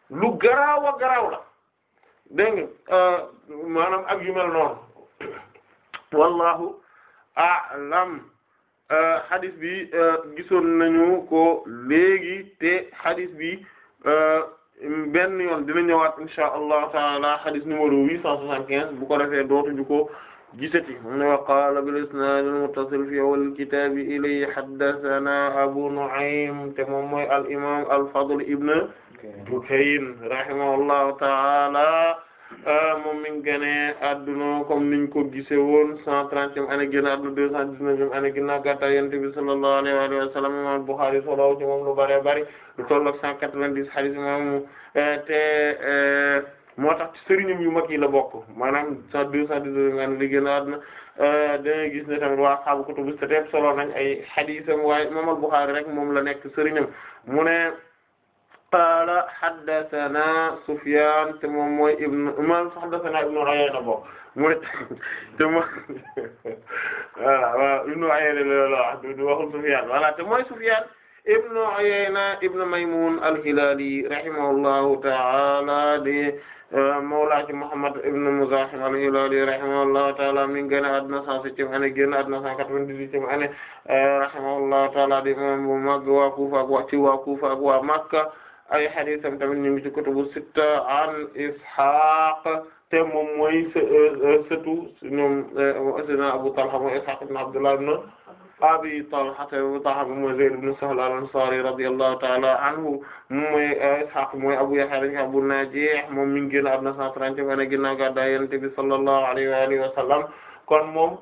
lu garaaw a la dégg nga euh, ak yu mel [COUGHS] wallahu a'lam xadis euh, bi euh, gisoon nañu ko léegi te xadis bi euh, benn yoon dina ñëwaat insha allahu taala xadis numéro huit cent soixante-quinze bu ko refee dootuñu ko gisati mu ne wa qaala bil isnaad al muttasil fi awwal kitaab ilayhi haddathana abu nu'aym te moom mooy al imaam al fadl ibn dukayn rahimahullahu taala Ah, moom mi ngi génnee adduna comme niñ ko gisee woon cent trentième année génn adduna deux cent dix-neuvième année ginnaaw gàddaay Yonent bi sallallahu alayhi wa sallam imam Bukhari solo ci moom lu bëree bari lu toll ak cent quatre-vingt-dix hadith moom eh, te eh, moo tax ci yu mag yi la bokk maanaam cent deux cent dix-neuvième année li génn adduna ah, dangay gis ne tamit waa xaabu kutubu sitta solo nañ ay haditham waaye imam Bukhari rek moom la nekk sëriñam mu ne qaala haddathana Sufyaan te moom mooy ibnu moom haddathana ibnu Uyayna bo mooy te moom [LAUGHS] waaw ibnu Uyayna loolu wax waxul Sufyaan voilà te mooy Sufyaan ibnu Uyayna ibnu Maymuun al-Hilaali rahimahullahu ta'ala di euh, mawla ci Muhammad ibnu Muzaahim al-Hilaali rahimahullahu ta'ala mi ngi génn àdduna 107e année génn àdduna 198e année euh, rahimahullahu ta'ala di moom bu mag waa Kuufa ak waa ci waa Kuufa ak waa Makka ay haditham tamit ñu ngi ci kutubu sitta an Ishaq te moom mooy e, e, sëtu ñoom e, Seydina Abu Talha mooy Ishaq ibn Abdullah ibn Abi Talha te Abu Talha mooy Zayd ibn Sahl al-Ansari radiyallahu ta'ala anhu mooy Ishaq mooy Abu Yahya dañu ko Abu Najih moom mi ngi génn àdduna 130 an ginnaaw gàddaay Yonent bi sallallahu alayhi wa alihi wa sallam kon moom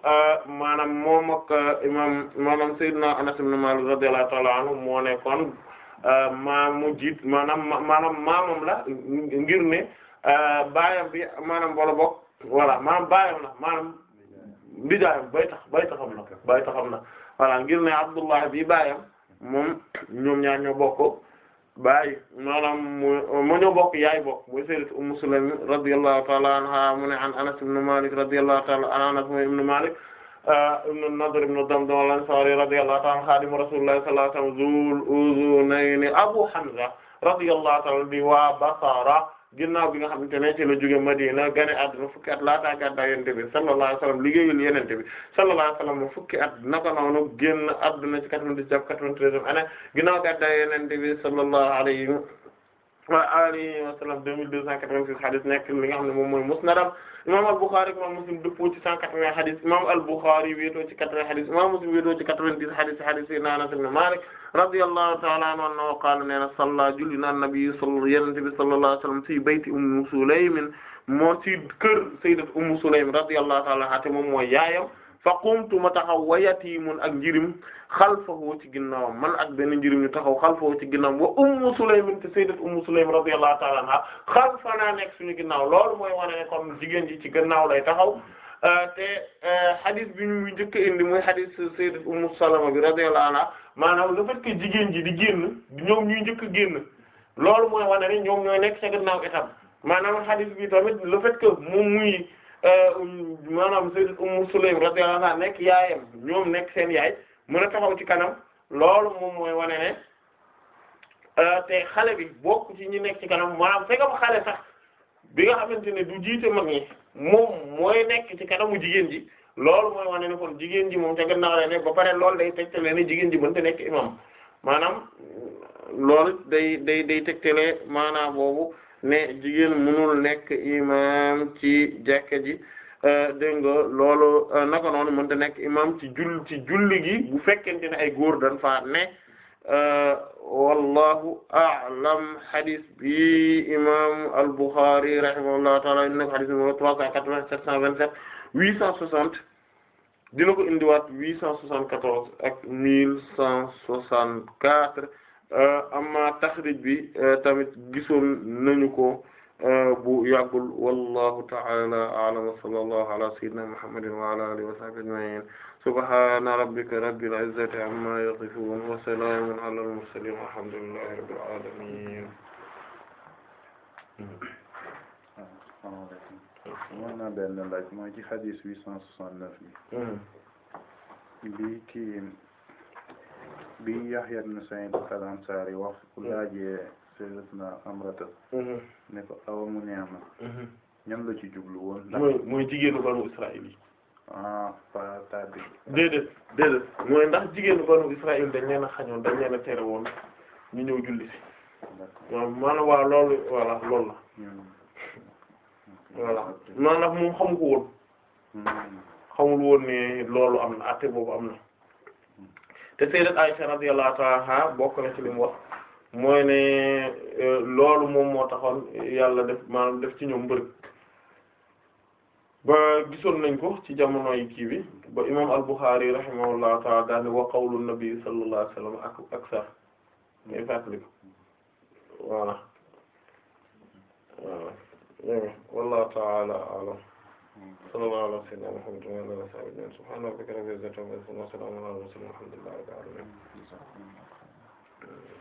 maanaam moom ak imam maanaam Seydina Anas ibn Malik radiyallahu ta'ala anhu moo nekkoon Euh, maam mu jiit maanaam maanaam maamam la ngir ne euh, baayam bi maanaam wala bokk voilà maanaam la maanaam bay tax bay taxam la bay taxam la voilà bi baayam moom ñoom ñaar ñoo bokk baay maanaam mu ñoo bokk yaay bokk mooy sayyidat Ummu Sulaym radiyallahu ta'ala anha mu ne an Anas ibn Malik radiyallahu ta'ala an Anas Malik ibn Nadr ibn Damdam al-Ansari radiyallahu ta'ala xaadimu rasulillahi sallallahu alayhi wa sallam zul uzunayni Abu Hamza radiyallahu ta'ala di waa Basra ginnaaw bi nga xamante ne ci la jóge Madina gane àdduna fukki at laataa gàddaay Yonent bi sallallahu alayhi wa sallam liggéeyul Yonent bi sallallahu alayhi wa sallam fukki at naka noonu génn àdduna ci 90 jàpp 93 ane ginnaaw gàddaay Yonent bi sallallahu alayhi alayhi wa sallam deux mille deux cent quatre-vingt-six hadith nekk li nga xam ne moom mooy musnadam imam al-Bukhari imam Muslim dëppoo ci cent quatre-vingts hadith imam al-Bukhari wéetoo ci quatre-vingts hadith imam Muslim wéetoo ci quatre-vingt-dix hadith hadith sayyidina Anas ibn Malik radiyallahu ta'ala anhu annahu qaala nee na salla julli na nabi sallallahu yenente bi sallallahu alayhi wa sallam fi bayti Umm Sulaym moo ci kër sayyidat Umm Sulaym radiyallahu ta'ala anha te moom mooy yaayam fa qumtu ma taxaw wa yatimun ak njirim xalfahu ci ginnaawam man ak benn njirim ñu taxaw xalfahu ci ginnaawam wa ummu sulaym te sayyidat ummu sulaym radiyallahu ta'ala anha xalfanaa nekk suñu ginnaaw loolu mooy wane ne comme jigéen ji ci ginnaaw lay taxaw euh, te hadith euh, bi ñu njëkk a indi mooy hadith sayyidat ummu salama bi radiyallahu anha maanaam le fait que jigéen ji di génn ñoom ñuy njëkk a loolu mooy wane ne ñoom ñooy nekk ca ginnaaw itam maanaam hadith bi tamit le fait que Euh, um, maanaam sayyidat Ummu Sulaym radiyallahu anha nekk yaayam ñoom nekk seen yaay mën a taxaw ci kanam loolu moom mooy wane ne euh, te xale bi bokk ci ñi nekk ci kanam maanaam fekkam xale sax bi nga xamante ne du jiite mag ñi moom mooy nekk ci kanamu jigéen ji loolu mooy wane ne kon jigéen ji moom te nga la ne ba pare lool day tegtale ne jigéen ji mënta nekk imam maanaam lool day day day tegtale maanaam boobu ne jigéen mënul nekk imam ci jàkka ji euh, dégg nga loolu euh, naka noonu mënta nekk imam ci jull ci julli gi bu fekkente ne ay góor dañ fa ne euh, wallahu a'lam hadith bi imam al-Bukhari rahimahullahu ta'ala indi na ko hadith numéro trois cent quatre-vingt sept cent vingt huit cent soixante dina ko indiwaat huit cent soixante-quatorze ak mille cent soixante-quatre Euh, amma taxrij bi euh, tamit gisoon nañu ko euh, bu yàggul wallahu ta'ala a'lam wa sallallahu ala sayyidina muhammadin wa ala alihi wa sahbihi ajma'in subhana rabbika rabbil izzati amma yasifun wa salamun ala al mursalin walhamdulillahi rabbil alamin salaamaaleykum mën naa benn laaj mooy ci hadith 869 bi hmm. bi kii bi Yahya ibn Sa'id al-Ansari wax ku mm-hmm. laajee am Amrata mm-hmm. ne ko awa mu neema mm-hmm. ñam la ci jublu woon mooy mooy jigéenu banu Israël yi ah pa tabi déedéet déedéet mooy ndax jigéenu banu Israël dañ leen a xañoon dañ leen tere woon ñu ñëw julli si waaw maanaam loolu voilà loolu la voilà maanaam moom xamu ko woon hmm. xamul woon ne loolu am na àtte boobu am na te sayyidat Aisha radiyallahu ta'ala bokk na ci li mu wax mooy ne euh, loolu moom moo taxoon yàlla def maanaam def ci ñoom mbërëg ba gisoon nañ ko ci jamonoy kii bi ba imam al-Bukhari rahimahullahu ta'ala daane wa qawlu nabi sallallahu alayhi ak ak sax mais fàttali ko voilà voilà wallahu ta'ala a'lam sallallahu ala sayyidina Muhammad wa ala sahbihi ajma'in subhana rabbika rabbil izzati amma yasifun wa salamun ala al mursalin walhamdulillahi rabbil alamin